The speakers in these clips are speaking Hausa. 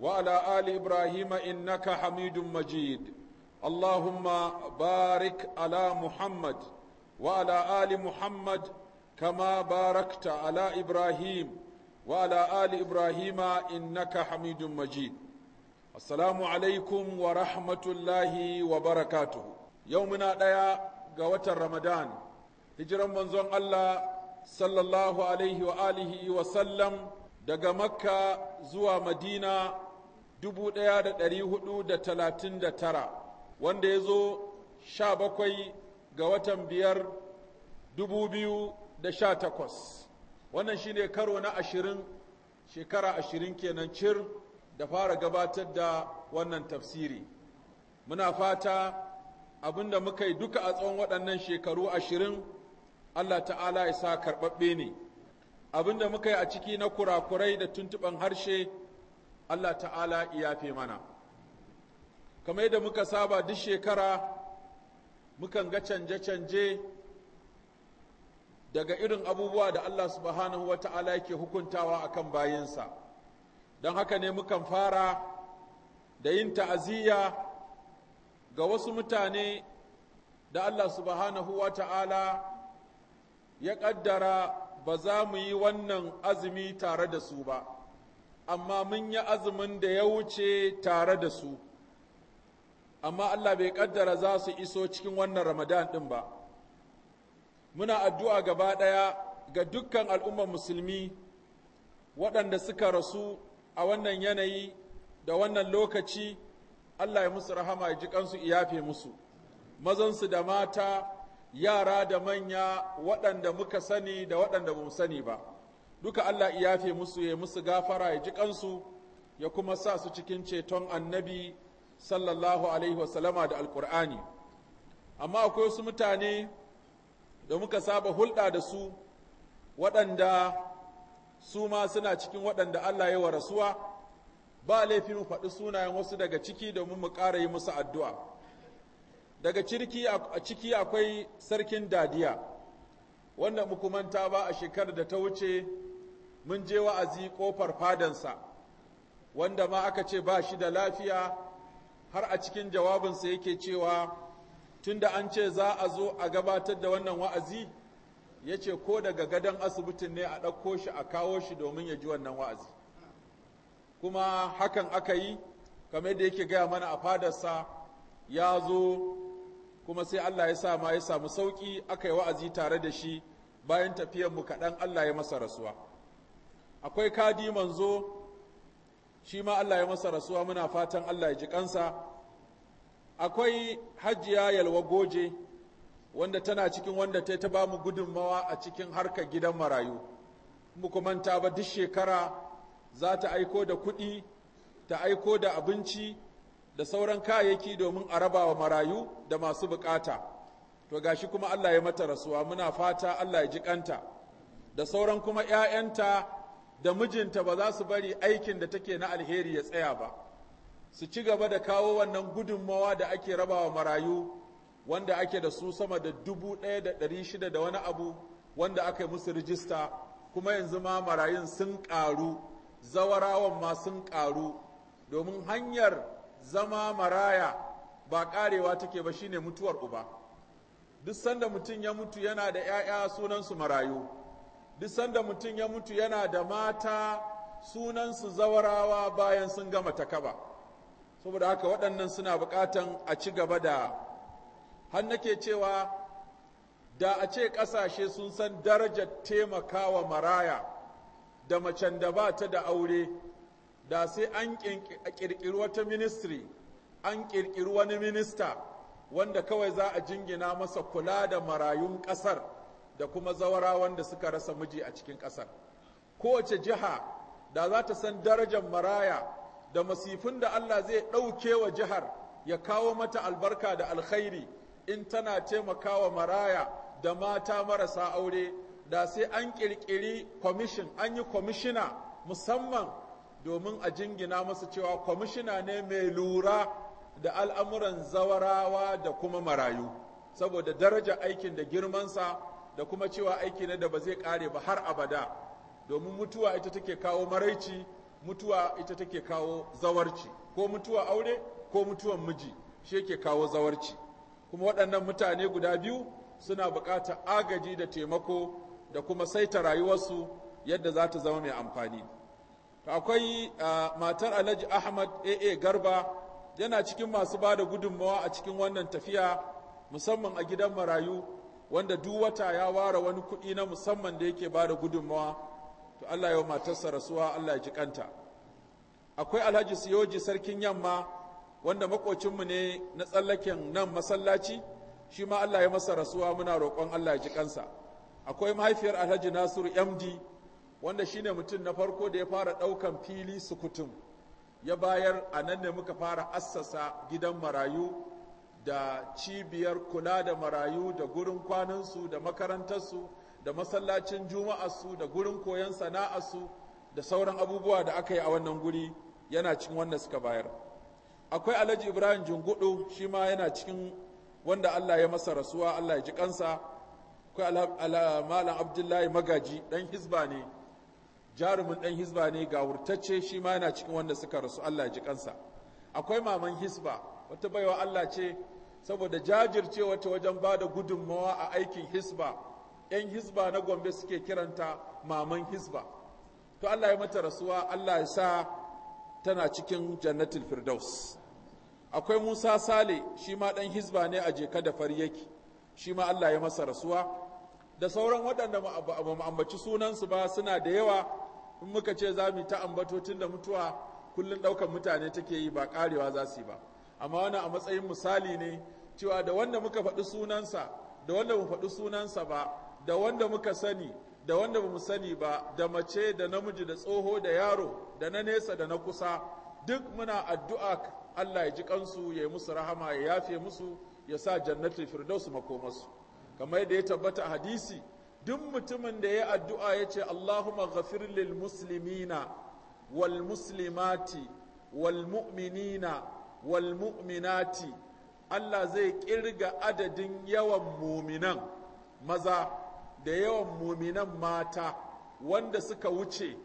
وعلى آل إبراهيم إنك حميد مجيد اللهم بارك على محمد وعلى آل محمد كما باركت على إبراهيم وعلى آل إبراهيم إنك حميد مجيد السلام عليكم ورحمة الله وبركاته يومنا ديا قوة رمضان هجرا منزون الله sallallahu alaihi wa alihi wa sallam daga makka zuwa madina 1439 wanda ya zo 17 ga watan biyar 2018 wannan shi ne karo na ashirin shekara ashirin kenan cir da fara gabatar da wannan tafsiri muna fata abinda muka yi duka a tsawon waɗannan shekaru ashirin Allah ta'ala ya sa karɓaɓɓe ne abinda muka yi a ciki na kurakurai da tuntuɓan harshe Allah ta'ala ya fi mana kamar yadda muka saba duk shekara mukan ga canje-canje daga irin abubuwa da Allah subhanahu wa ta'ala yake hukuntawa a kan bayinsa don haka ne mukan fara da yin ta'aziyya ga wasu mutane da Allah subhanahu wa ta'ala ya ƙaddara ba za mu yi wannan azumi tare da su ba amma mun yi azumin da ya wuce tare da su amma Allah bai kaddara za su iso cikin wannan Ramadan din ba muna addu'a gaba ɗaya ga dukkan al'ummar musulmi waɗanda suka rasu a wannan yanayi da wannan lokaci Allah ya musu rahama ya ji kansu iyafe musu mazansu da mata yara da manya waɗanda muka sani da waɗanda ba mu sani ba duka Allah ya yafe musu ya musu gafara ya ji kansu ya kuma sa su cikin ceton annabi sallallahu alaihi wasallama da alkur'ani amma akwai wasu mutane da muka saba hulɗa da su waɗanda su ma suna cikin waɗanda Allah ya wa rasuwa ba laifi mu faɗi sunayen wasu daga ciki domin mu ƙara yi musu addu'a daga ciki akwai sarkin dadiya wanda muku ba a shekarar da ta wuce mun je wa'azi ƙofar fadansa wanda ma aka ce ba shi da lafiya har a cikin jawabinsa yake cewa tunda an ce za a zo a gabatar da wannan wa'azi ya ce ko daga gadon asibitin ne a ɗauko shi a kawo shi domin ya ji wannan wa'azi kuma hakan aka yi kamar da yake gaya mana a fadarsa ya zo kuma sai Allah ya sa ma ya samu sauƙi aka yi wa'azi tare da shi bayan tafiyanmu kaɗan Allah ya masa rasuwa. akwai kadi manzo shi ma Allah ya masa rasuwa muna fatan Allah ya ji kansa akwai hajiya yalwa goje wanda tana cikin wanda ta ta bamu gudunmawa a cikin harka gidan marayu muku manta ba duk shekara za ta aiko da kuɗi ta aiko da abinci da sauran kayayyaki domin a raba wa marayu da masu bukata to gashi kuma Allah ya mata rasuwa muna fata Allah ya ji kanta da sauran kuma ‘ya'yanta da mijinta ba za su bari aikin da take na alheri ya tsaya ba su ci gaba da kawo wannan gudunmawa da ake rabawa marayu wanda ake da su sama da dubu ɗaya da ɗari shida da wani abu wanda aka yi musu rijista kuma yanzu ma marayun sun ƙaru zawarawan ma sun ƙaru domin hanyar zama maraya ba ƙarewa take ba shine mutuwar uba duk sanda mutum ya mutu yana da 'ya'ya sunansu marayu duk sanda mutum ya mutu yana da mata sunansu zawarawa bayan sun gama takaba saboda haka waɗannan suna buƙatan a ci gaba da har nake cewa da a ce ƙasashe sun san darajar taimakawa maraya da macen da ba ta da aure da sai an ƙirƙiri wata ministry an ƙirƙiri wani minista wanda kawai za a jingina masa kula da marayun ƙasar da kuma zawara wanda suka rasa miji a cikin ƙasar kowace jiha da za ta san darajar maraya da masifin da Allah zai ɗauke wa jihar ya kawo mata albarka da alkhairi in tana taimakawa maraya da mata marasa aure da sai an ƙirƙiri kwamishin an yi kwamishina musamman domin a jingina masu cewa kwamishina ne mai lura da al'amuran zawarawa da kuma marayu saboda darajar aikin da girmansa da kuma cewa aiki na da ba zai kare ba har abada domin mutuwa ita take kawo maraici mutuwa ita take kawo zawarci ko mutuwa aure ko mutuwan miji shi yake kawo zawarci kuma waɗannan mutane guda biyu suna buƙatar agaji da taimako da kuma saita rayuwarsu yadda za ta zama mai amfani akwai matar alhaji ahmad aa garba yana cikin masu ba da gudunmawa a cikin wannan tafiya musamman a gidan marayu wanda duk wata ya ware wani kuɗi na musamman da yake bada gudunmawa to Allah ya matarsa rasuwa Allah ya ji kanta akwai Alhaji Siyoji sarkin yamma wanda makocinmu ne na tsallaken nan masallaci shi ma Allah ya masa rasuwa muna roƙon Allah ya ji kansa akwai mahaifiyar Alhaji Nasiru MD wanda shine mutum na farko da ya fara ɗaukan fili sukutum ya bayar a nan ne muka fara assasa gidan marayu da cibiyar kula da marayu da gurin kwanansu da makarantarsu da masallacin juma'arsu da gurin koyon sana'arsu da sauran abubuwa da aka yi a wannan guri yana cikin wanda suka bayar akwai alhaji ibrahim jungudu shi ma yana cikin wanda allah ya masa rasuwa allah ya ji kansa akwai malam abdullahi magaji dan hizba ne jarumin dan hizba ne ga wurtacce shi ma yana cikin wanda suka rasu allah ya ji kansa akwai maman Hisba, wata baiwa allah ce saboda jajircewa ta wajen ba da gudunmawa a aikin hisba yan hisba na gombe suke kiranta maman hisba to allah ya mata rasuwa allah ya sa tana cikin jannatul firdaus akwai musa sale shi ma ɗan hisba ne a jeka da fari yake shi ma allah ya masa rasuwa da sauran waɗanda ba ambaci sunansu ba suna da yawa in muka ce za mu ta ambato tun da mutuwa kullum ɗaukar mutane take yi ba ƙarewa za su yi ba amma wani a matsayin misali ne cewa da wanda muka faɗi sunansa da wanda mu faɗi sunansa ba da wanda muka sani da wanda ba mu sani ba da mace da namiji da tsoho da yaro da na nesa da na kusa duk muna addu'a Allah ya ji kansu ya yi musu rahama ya yafe musu ya sa jannatu firdaus makomarsu kamar yadda ya tabbata a hadisi duk mutumin da ya yi addu'a ya ce Allahumma ghafir lil muslimina wal muslimati wal mu'minina wal mu'minati Allah zai kirga adadin yawan muminan maza da yawan muminan mata wanda suka wuce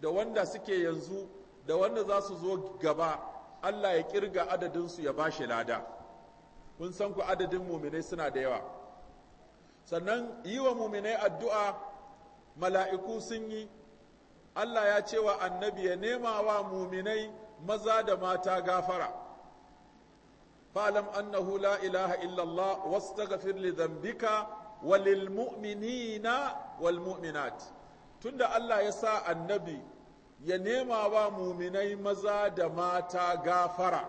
da wanda suke yanzu da wanda za su zo gaba Allah ya kirga adadinsu ya ba shi lada kun san ku adadin muminai suna da yawa sannan yi wa muminai addu'a mala'iku sun yi Allah ya ce wa annabi ya nema wa muminai maza da mata gafara fa'alam annahu la ilaha illallah wastaghfir li dhanbika walil mu'minina wal tunda Allah ya sa annabi ya nema wa muminai maza da mata gafara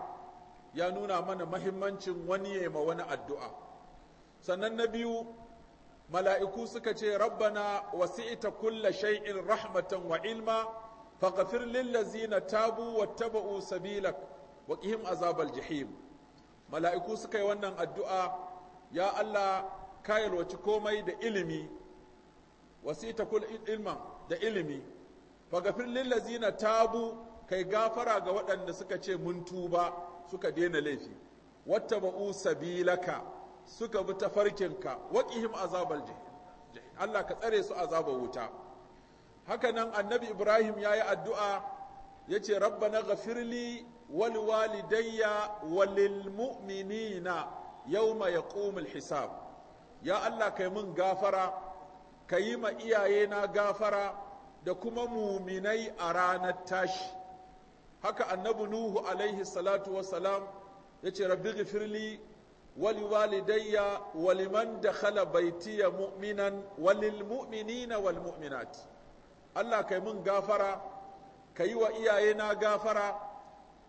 ya nuna mana mahimmancin wani ya ma wani addu'a sannan na biyu mala'iku suka ce rabbana wasi'ita kulla shay'in rahmatan wa ilma faghfir lillazina tabu wattaba'u sabilak wa qihim azabal jihim. mala'iku suka yi wannan addu'a ya Allah kayalwaci komai da ilimi wasita kul ilma da ilimi lillazi na tabu kai gafara ga waɗanda suka ce mun ba suka daina laifi wata ba'u sabilaka suka bi tafarkinka waƙihim azabar jahim Allah ka tsare su azabar wuta haka nan annabi ibrahim ya yi addu'a yace rabbana ghafirli wal walidayya walil mu'minina yawma yaqumul hisab ya Allah kai mun gafara kayi ma iyayena gafara da kuma muminai a ranar tashi haka annabi nuhu alaihi salatu wassalam yace rabbi ghafirli wali walidayya waliman dakhala baitiya mu'minan walil mu'minina wal mu'minat Allah kai mun gafara ka yi wa iyayena gafara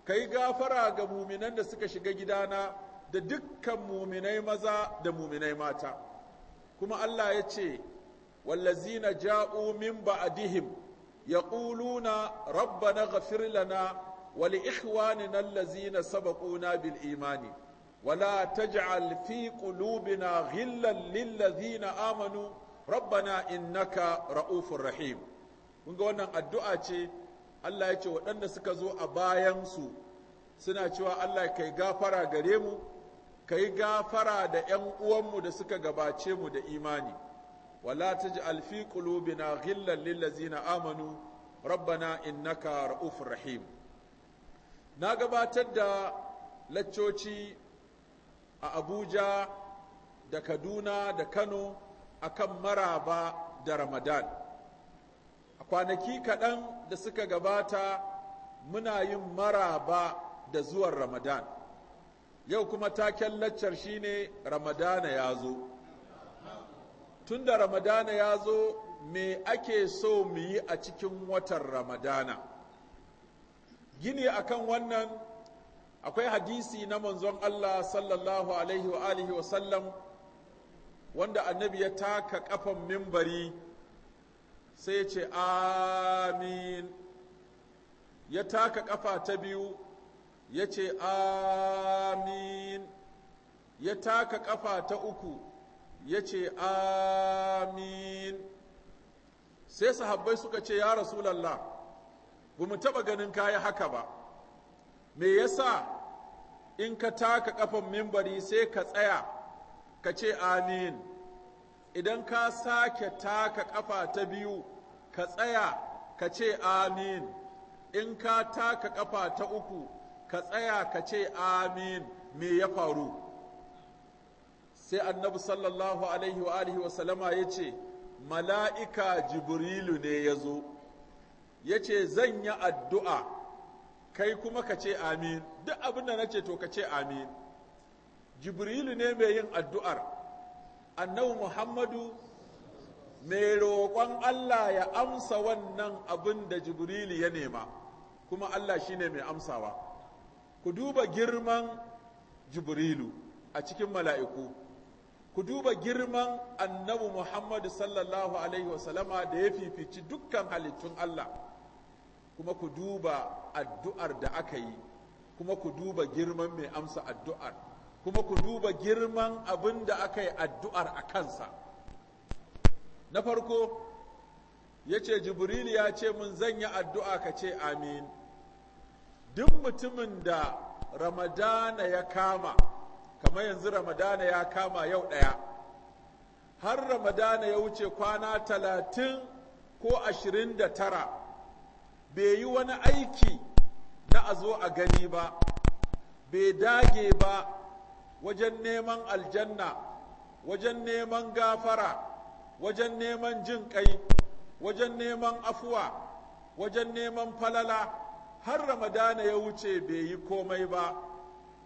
ka yi gafara ga muminan da suka shiga gidana da dukkan muminai maza da muminai mata kuma Allah ya ce wallazina ja'u min ba'dihim yaquluna rabbana ghafir lana wa li ikhwanina allazina sabaquna bil imani ولا تجعل في قلوبنا غلا للذين آمنوا ربنا إنك رؤوف رحيم kunga wannan addu'a ce Allah ya ce waɗanda suka zo a bayansu suna cewa Allah ka yi gafara gare mu ka yi gafara da ‘yan uwanmu da suka gabace mu da imani wala ta ji alfi na ghillan lillazina amanu rabbana innaka ra'ufur rahim na gabatar da laccoci a abuja da kaduna da kano akan maraba da ramadan a kwanaki kaɗan da suka gabata muna yin maraba da zuwan ramadan yau kuma taken laccar shine ramadana ya zo tun da ramadana ya zo me ake so mu yi a cikin watan ramadana gini akan wannan akwai hadisi na manzon Allah sallallahu alaihi sallam wanda annabi ya taka ƙafan mimbari sai ya ce amin ya taka ƙafa ta biyu ya ce amin ya taka ƙafa ta uku ya ce amin sai sahabbai suka ce ya rasulallah ba mu taɓa ganin kayi haka ba me yasa in ka taka ƙafan mimbari sai ka tsaya ka ce amin idan ka sake taka ƙafa ta biyu ka tsaya ka ce amin in ka taka ƙafa ta uku ka tsaya ka ce amin me ya faru sai annabi sallallahu alaihi wa alihi wa sallama ya ce mala'ika jibrilu ne ya zo ya ce zan yi addu'a kai kuma ka ce amin duk abin da na ce to ka ce amin jibrilu ne mai yin addu'ar annabi muhammadu mai roƙon allah ya amsa wannan abin da jibrili ya nema kuma allah shine mai amsawa ku duba girman jibrilu a cikin mala'iku ku duba girman annabi muhammadu sallallahu alaihi wasallama da ya fifici dukkan halittun allah kuma ku duba addu'ar da aka yi kuma ku duba girman mai amsa addu'ar kuma ku duba girman abin da aka yi addu'ar a kansa na farko ya ce jibril ya ce mun zan yi addu'a ka ce amin duk mutumin da ramadana ya kama kamar yanzu ramadana ya kama yau ɗaya har ramadana ya wuce kwana talatin ko ashirin da tara bai yi wani aiki na a zo a gani ba bai dage ba wajen neman aljanna wajen neman gafara wajen neman jin kai wajen neman afuwa wajen neman falala har ramadana ya wuce bai yi komai ba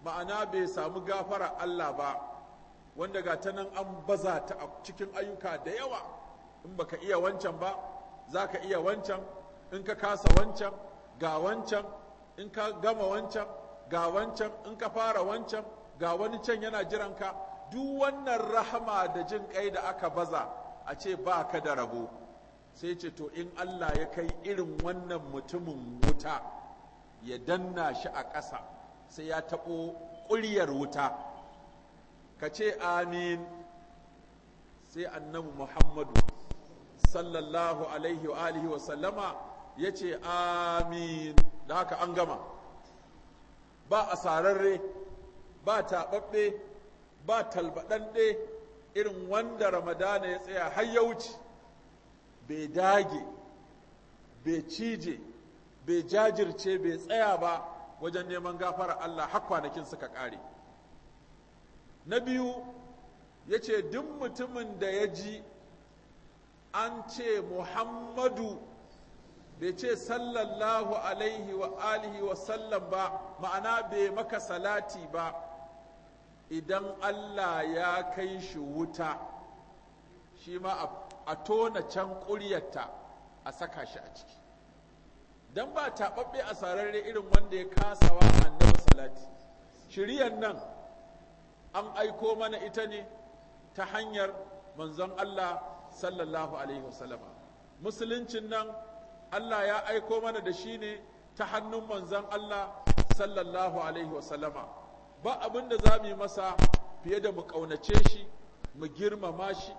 ma'ana bai samu gafara Allah ba wanda ga ta nan an baza ta a cikin ayyuka da yawa in baka iya wancan ba za ka iya wancan in ka kasa wancan ga wancan in ka gama wancan ga wancan in ka fara wancan ga wani can yana jiranka duk wannan rahama da jin kai da aka baza a ce ba ka da rabo sai ce to in Allah ya kai irin wannan mutumin wuta ya danna shi a ƙasa sai ya taɓo ƙuryar wuta ka ce amin sai annabi muhammadu sallallahu alaihi wa alihi wa sallama ya ce amin da haka an gama ba a sararre ba taɓaɓɓe ba talbaɗanɗe irin wanda ramadana ya tsaya har ya wuce bai dage bai cije bai jajirce bai tsaya ba wajen neman gafara Allah har kwanakin suka ƙare na biyu ya ce duk mutumin da ya ji an ce muhammadu bai ce sallallahu alaihi wa alihi wa sallam ba ma'ana bai maka salati ba idan Allah ya kai shi wuta shi ma a tona can ƙuryarta a saka shi a ciki don ba taɓaɓɓe a sararre irin wanda ya kasawa annabi salati shiriyar nan an aiko mana ita ne ta hanyar manzon Allah sallallahu alaihi wasallama musuluncin nan Allah ya aiko mana da shi ne ta hannun manzon Allah sallallahu alaihi wasallama ba abin da za mu yi masa fiye da mu ƙaunace shi mu girmama shi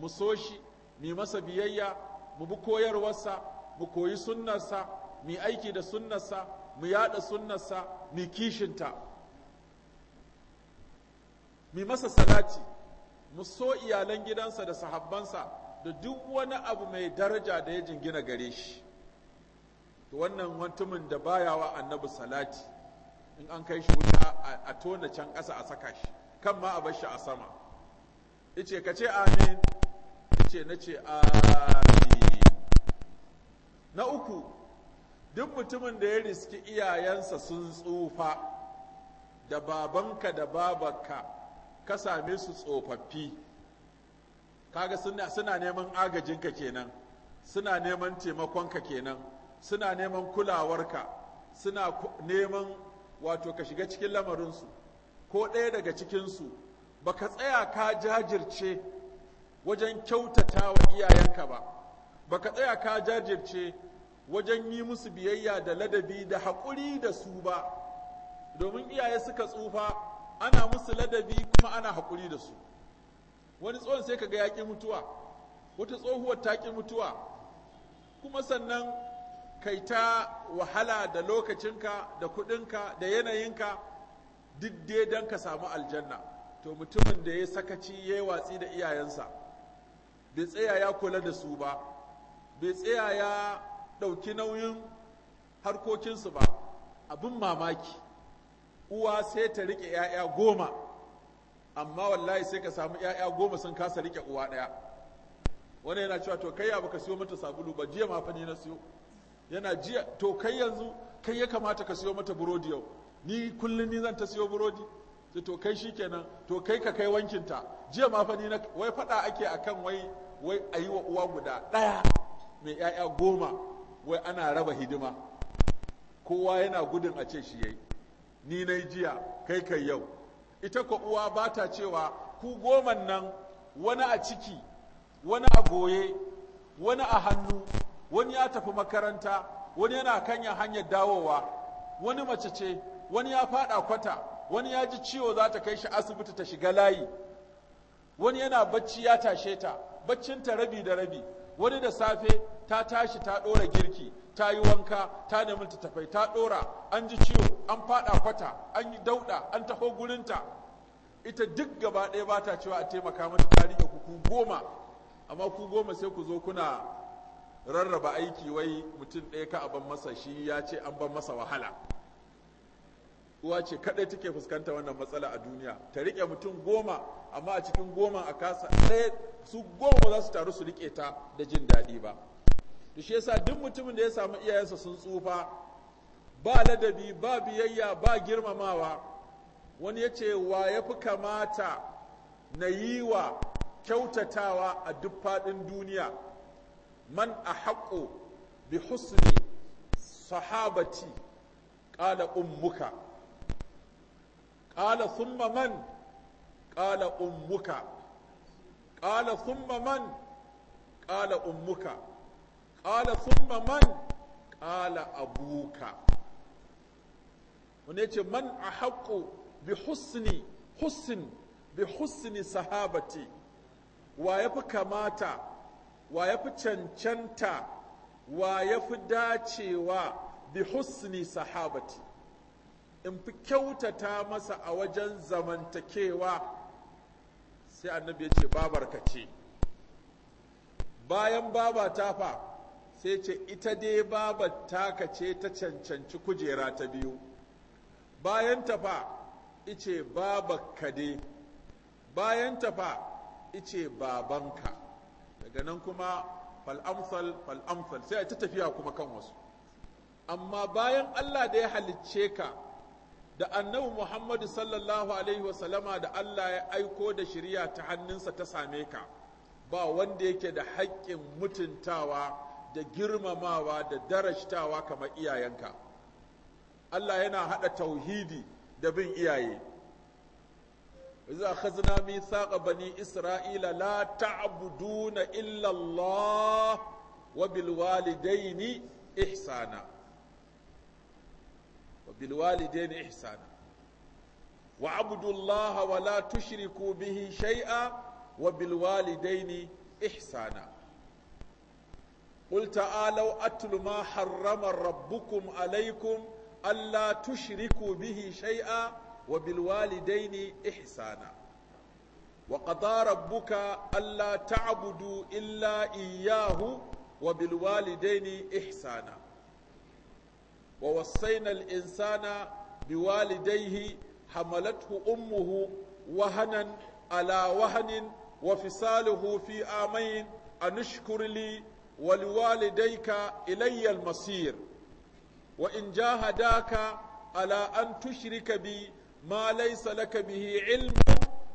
mu so shi mu masa biyayya mu bi koyarwarsa mu koyi sunnarsa mu aiki da sunnarsa mu yada sunnarsa mu kishinta mu masa salati mu so iyalan gidansa da sahabbansa da duk wani abu mai daraja da ya jingina gare shi to wannan wantumin da wa annabi salati in an kai shi wuta a tona can ƙasa a saka shi kan ma a bar shi a sama ice ka ce amin ice na ce amin na uku duk mutumin da ya riski iyayensa sun tsufa da babanka da babanka ka same su tsofaffi kaga suna neman agajinka kenan suna neman taimakonka kenan suna neman kulawarka suna neman wato ka shiga cikin lamarinsu ko ɗaya daga cikinsu ba ka tsaya ka jajirce wajen kyautata wa iyayenka ba ba ka tsaya ka jajirce wajen yi musu biyayya da ladabi da haƙuri da su ba domin iyaye suka tsufa ana musu ladabi kuma ana haƙuri da su wani tsohon sai ka ga yaƙi mutuwa wata tsohuwar ta mutuwa kuma sannan kai ta wahala da lokacinka da kudinka da yanayinka duk dai don ka samu aljanna to mutumin da ya sakaci ya yi watsi da iyayensa bai tsaya ya kula da su ba bai tsaya ya ɗauki nauyin harkokinsu ba abin mamaki uwa sai ta riƙe 'ya'ya goma amma wallahi sai ka samu 'ya'ya goma sun kasa riƙe uwa ɗaya wani yana cewa to kai ya baka siyo mata sabulu ba jiya ma fa ni na siyo yana jiya to kai yanzu kai ya kamata ka siyo mata burodi yau ni kullum ni zan ta siyo burodi sai to kai shikenan to kai ka kai wankinta jiya ma fa ni na wai fada ake akan wai wai ayi wa uwa guda daya mai yaya goma wai ana raba hidima kowa yana gudun a ce shi yayi ni nai jiya kai kai yau ita ko uwa ba ta cewa ku goman nan wani a ciki wani a goye wani a hannu wani ya tafi makaranta wani yana kanya hanyar dawowa wani mace ce wani ya fada kwata wani ya ji ciwo za ta kai shi asibiti ta shiga layi wani yana bacci ya tashe ta baccin ta rabi da rabi wani da safe ta tashi ta dora girki ta yi wanka ta nemi tafai ta dora an ji ciwo an fada kwata an yi dauɗa an taho gurinta ita duk gaba ɗaya ba ta cewa a taimaka mata ta riƙe ku goma amma ku goma sai ku zo kuna rarraba aiki wai mutum ɗaya ka ban masa shi ya ce an ban masa wahala uwa ce kaɗai take fuskanta wannan matsala a duniya ta riƙe mutum goma amma a cikin goma a kasa ɗaya su goma ba za su taru su riƙe ta da jin daɗi ba to shi yasa duk mutumin da ya samu iyayensa sun tsufa ba ladabi ba biyayya ba girmamawa wani ya ce wa ya fi kamata na yi wa kyautatawa a duk faɗin duniya man ahaqqu bi husni sahabati qala ummuka qala thumma man qala ummuka qala thumma man qala ummuka qala thumma man qala abuka wani ce man ahaqqu bi husni husn bi husni sahabati wa yafi kamata wa ya fi cancanta wa ya fi dacewa bi husni sahabati in fi kyautata masa a wajen zamantakewa sai annabi ya ce babarka ce bayan baba ta fa sai ce ita dai babar ka ce ta cancanci kujera ta biyu bayan ta fa ice ka dai bayan ta fa ice babanka daga nan kuma fal'amsal fal'amsal sai a ta tafiya kuma kan wasu amma bayan Allah da ya halicce ka da annabi Muhammadu sallallahu alaihi wasallama da Allah ya aiko da shirya ta hannunsa ta same ka ba wanda yake da haƙƙin mutuntawa da girmamawa da darashtawa kamar iyayenka Allah yana haɗa tauhidi da bin iyaye iza khazna bani isra'ila la ta'buduna illa Allah wa bil walidaini ihsana wa bil walidaini ihsana wa abudu Allah wa tushriku bihi shay'a قل تعالوا أتل ما حرم ربكم عليكم ألا تشركوا به شيئا wa bilwalidaini ihsana wa qada Allah alla ta'budu illa iyyahu wa bilwalidaini ihsana wa wasaina al-insana biwalidayhi hamalathu ummuhu wahanan ala wahanin wa fisaluhu fi amayn anishkur li wa liwalidayka Wa al-masir وإن ala an أن ka bi. ma laysa laka bihi ilmu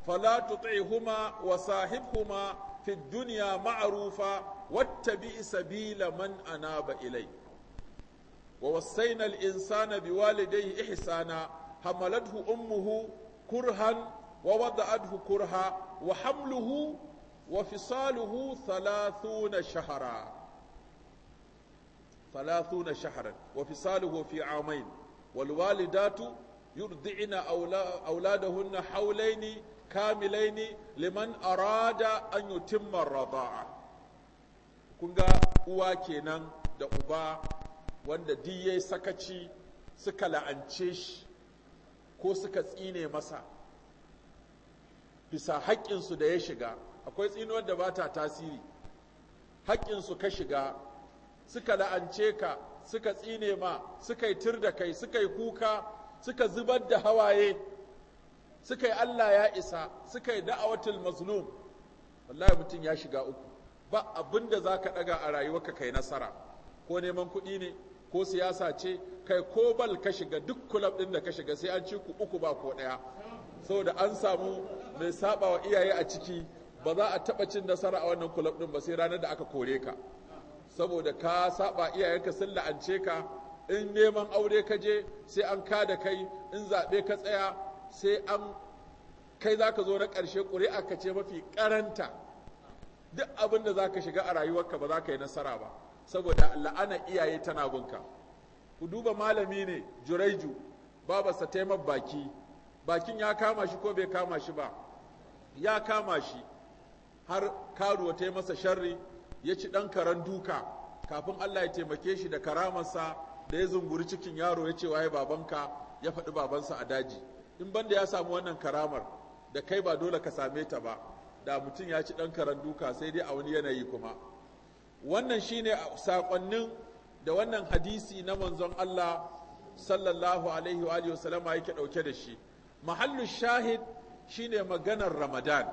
fala tuti'huma wa sahibhuma fi dunya ma'rufa wattabi sabila man anaba ilai wa wasaina bi insana biwalidayhi ihsana hamalathu ummuhu kurhan wa wada'athu kurha wa hamluhu wa fisaluhu 30 shahara wa fisaluhu fi wal walidatu yurdi'ina auladahunna haulaini kamilaini liman arada an yutimma rada'a kun ga uwa kenan da uba wanda diye sakaci suka la'ance shi ko suka tsine masa bisa haƙƙinsu da ya shiga akwai tsinuwar da ba ta tasiri haƙƙinsu ka shiga suka la'ance ka suka tsine ma suka yi tir da kai suka yi kuka suka zubar da hawaye suka yi Allah ya isa suka yi da'awatul mazlum wallahi mutum ya shiga uku ba abin da za ka ɗaga a rayuwarka kai nasara ko neman kuɗi ne ko siyasa ce kai ko bal ka shiga duk kulab ɗin da ka shiga sai an ci ku uku ba ko ɗaya saboda an samu mai saba wa iyaye a ciki ba za a taɓa cin nasara a wannan kulab ɗin ba sai ranar da aka kore ka saboda ka saba iyayenka sun la'ance ka in neman aure ka je sai an ka da kai in zaɓe ka tsaya sai an kai za ka zo na ƙarshe ƙuri'a ka ce mafi ƙaranta duk abin da za ka shiga a rayuwarka ba za ka yi nasara ba saboda la'ana iyaye tana gunka ku duba malami ne juraiju babarsa taimak baki bakin ya kama shi ko bai kama shi ba ya kama shi har karuwa ta yi masa sharri ya ci ɗan karen duka kafin allah ya taimake shi da karamarsa da ya zunguri cikin yaro ya ce waye babanka ya faɗi babansa a daji in banda ya samu wannan karamar da kai ba dole ka same ta ba da mutum ya ci ɗan karan duka sai dai a wani yanayi kuma wannan shine saƙonnin da wannan hadisi na manzon Allah sallallahu alaihi wa sallama yake ɗauke da shi mahallu shahid shine maganar ramadan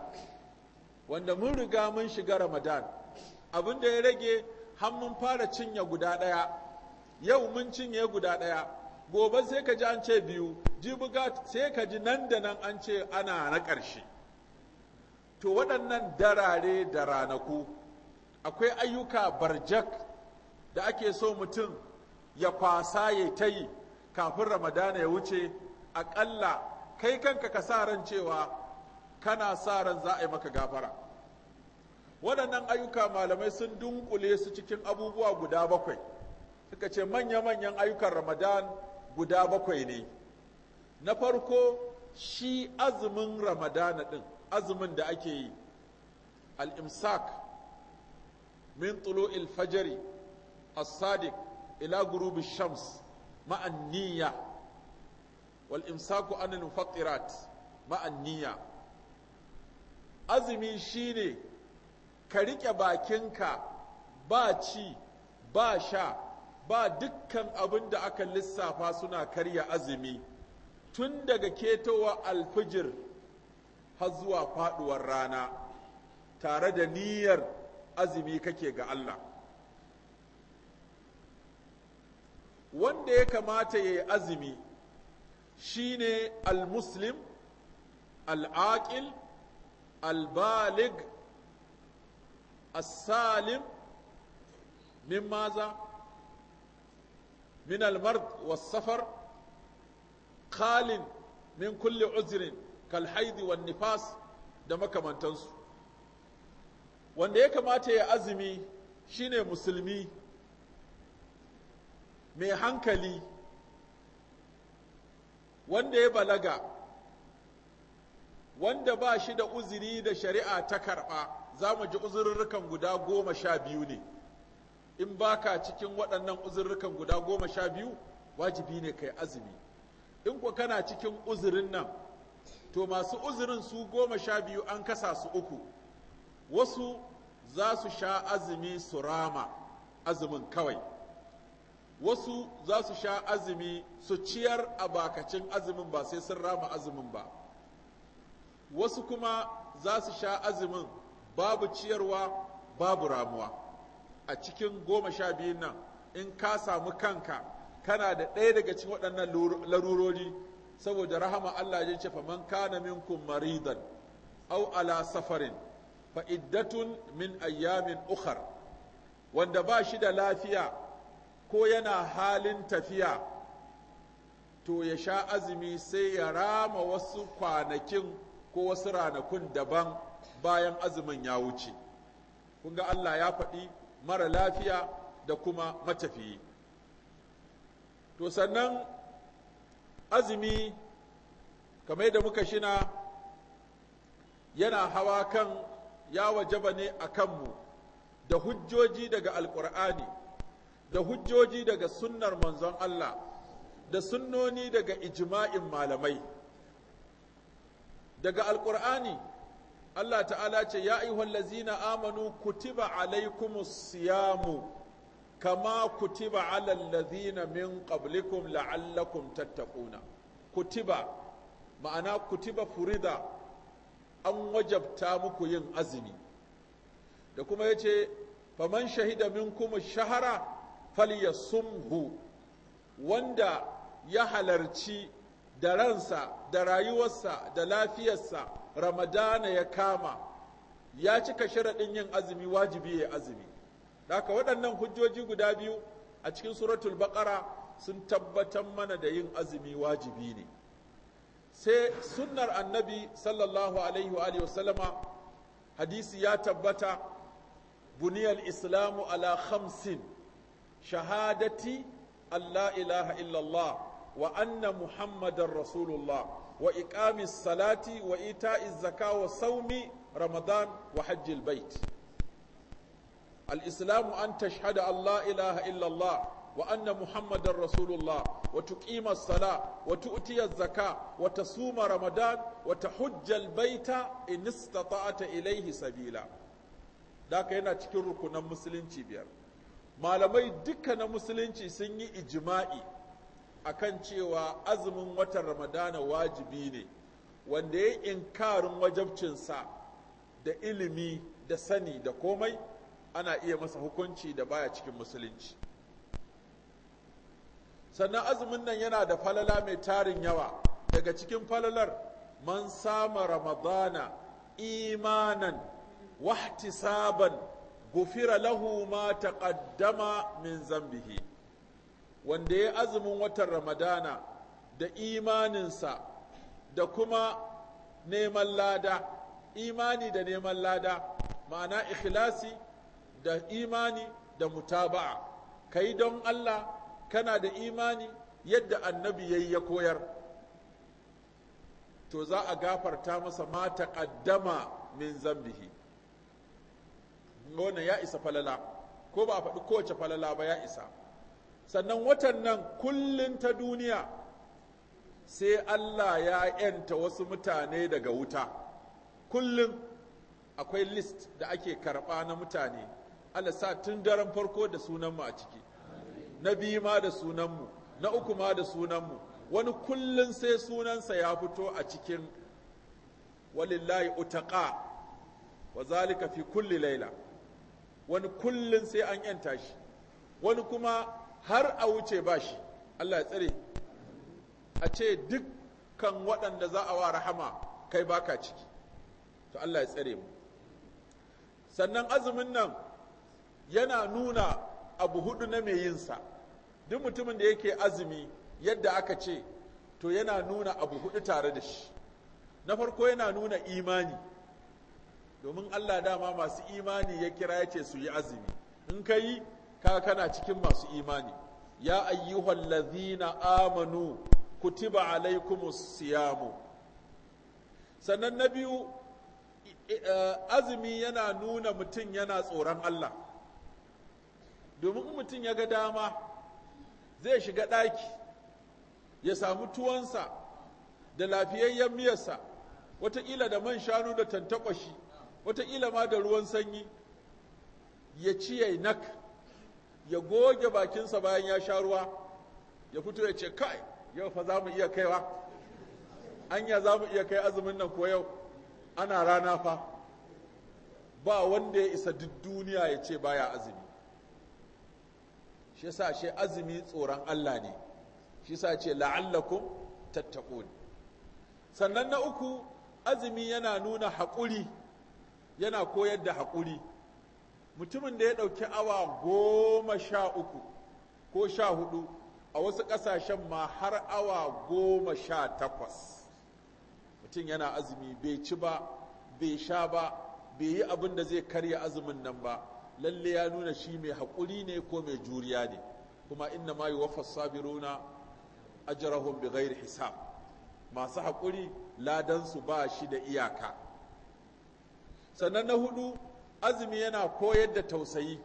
wanda mun riga mun shiga ramadan abin da ya rage har mun fara cinye guda ɗaya yau mun cinye guda ɗaya gobe sai ka ji an ce biyu ga sai ka ji nan da nan an ce ana na ƙarshe to waɗannan darare da ranaku akwai ayyuka barjak da ake so mutum ya kwasa ya ta yi kafin ramadana ya wuce aƙalla kai kanka ka sa ran cewa kana sa ran za a yi maka gafara waɗannan ayyuka malamai sun dunkule su cikin abubuwa guda bakwai suka ce manya-manyan ayyukan ramadan guda bakwai ne na farko shi azumin ramadan ɗin azumin da ake yi al'imsak min tulo ilfajari as-sadiq ila gurubi shams ma'an wal imsaku anil mufaqirat ma'an azumi shine ka riƙe bakinka ba ci ba sha ba dukkan abin da aka lissafa suna karya azumi tun daga ketowa alfijir har zuwa faɗuwar rana tare da niyyar azumi kake ga Allah wanda ya kamata ya yi azumi shine almuslim alaqil albalig aqil al as min maza من المرض والسفر خال من كل عذر كالحيض والنفاس da makamantansu wanda ya kamata ya azumi shine musulmi mai hankali wanda ya balaga wanda ba shi da uzuri da shari'a ta karɓa za mu ji uzurrukan guda goma sha biyu ne in baka cikin waɗannan uzurrukan guda goma sha biyu wajibi ne kai azumi in ku kana cikin uzurin nan to masu uzurin su goma sha biyu an kasa su uku wasu za su sha azumi su rama azumin kawai wasu za su sha azumi su ciyar a bakacin azumin ba sai sun rama azumin ba wasu kuma za su sha azumin babu ciyarwa babu ramuwa a cikin goma sha biyun nan in ka samu kanka kana da ɗaya daga cikin waɗannan larurori saboda rahama Allah ya ce fa man kana minkum maridan aw ala safarin fa iddatun min ayyamin ukhar wanda ba shi da lafiya ko yana halin tafiya to ya sha azumi sai ya rama wasu kwanakin ko wasu ranakun daban bayan azumin ya wuce kun ga Allah ya faɗi mara lafiya da kuma matafiyi to sannan azumi kamar da muka shina yana hawa kan ya wajaba ne a kanmu da hujjoji daga alkur'ani da hujjoji daga sunnar manzon Allah da sunnoni daga ijma'in malamai daga alkur'ani Allah ta'ala ce ya ayyuhal lazina amanu kutiba alaikumus siyamu kama kutiba alal lazina min qablikum la'allakum tattaquna kutiba ma'ana kutiba furida an wajabta muku yin azumi da kuma yace faman shahida minkum shahara falyasumhu wanda ya halarci da ransa da rayuwarsa da lafiyarsa ramadana ya kama ya cika sharaɗin yin azumi wajibi ya azumi haka waɗannan hujjoji guda biyu a cikin suratul baƙara sun tabbatar mana da yin azumi wajibi ne sai sunnar annabi sallallahu alaihi wa alihi hadisi ya tabbata buniyal islamu ala khamsin shahadati allah ilaha illallah wa anna muhammadar rasulullah wa iqamis salati wa ita'iz zaka wa saumi ramadan wa hajjil bait al-islamu an tashhada Allah ilaha illallah, Allah wa anna muhammadar rasulullah wa tuqima as-sala wa tu'ti zaka wata suma ramadan wata tahujja al-baita in istata'ta ilayhi sabila daka yana cikin rukunan musulunci biyar malamai duka na musulunci sun yi ijima'i. akan cewa azumin watan ramadana wajibi ne wanda ya inkarin wajabcinsa da ilimi da sani da komai ana iya masa hukunci da baya cikin musulunci sannan azumin nan yana da falala mai tarin yawa daga cikin falalar man sama ramadana imanan wahtisaban gufira lahu ma taqaddama min zambihi wanda ya azumin watan ramadana da imaninsa da kuma neman lada imani da neman lada ma'ana ikhlasi da imani da mutaba'a Ka yi don Allah kana da imani yadda annabi ya yi ya koyar to za a gafarta masa ma taqaddama min zambihi wannan ya isa falala ko ba a faɗi kowace falala ba ya isa sannan watan nan kullun ta duniya sai Allah ya yanta wasu mutane daga wuta kullun akwai list da ake karɓa na mutane Allah sa tun daren farko da sunanmu a ciki na biyu ma da sunanmu na uku ma da sunanmu wani kullun sai sunansa ya fito a cikin walillahi utaqa wa zalika fi kulli laila wani kullun sai an yanta shi wani kuma har a wuce ba shi Allah ya tsare a ce dukkan waɗanda za a wa rahama kai baka ciki to Allah ya tsare mu sannan azumin nan yana nuna abu hudu na mai yinsa duk mutumin da yake azumi yadda aka ce to yana nuna abu hudu tare da shi na farko yana nuna imani domin Allah dama masu imani ya kira ya ce su yi azumi in ka yi ka kana cikin masu imani ya ayyuhal ladhina amanu kutiba alaikumus siyamu sannan na biyu eh, azumi yana nuna mutum yana tsoron Allah domin mutum ya ga dama zai shiga ɗaki ya samu tuwansa da lafiyayyen miyarsa wataƙila da man shanu da tantakwashi wataƙila ma da ruwan sanyi ya ci nak ya goge bakinsa bayan ya sha ruwa ya fito ya ce kai yau fa za mu iya kaiwa anya za mu iya kai azumin nan ko yau ana rana fa ba wanda ya isa duk duniya ya ce baya azumi shi yasa shi azumi tsoron Allah ne shi yasa ce la'allakum tattaqun sannan na uku azumi yana nuna haƙuri yana koyar da haƙuri mutumin da ya ɗauki awa goma sha uku ko sha hudu a wasu ƙasashen ma har awa goma sha takwas mutum yana azumi bai ci ba bai sha ba bai yi abin da zai karya azumin nan ba lalle ya nuna shi mai haƙuri ne ko mai juriya ne kuma inna ma yuwaffas sabiruna ajrahum bighairi hisab masu haƙuri ladansu ba shi da iyaka sannan na hudu azumi yana koyar da tausayi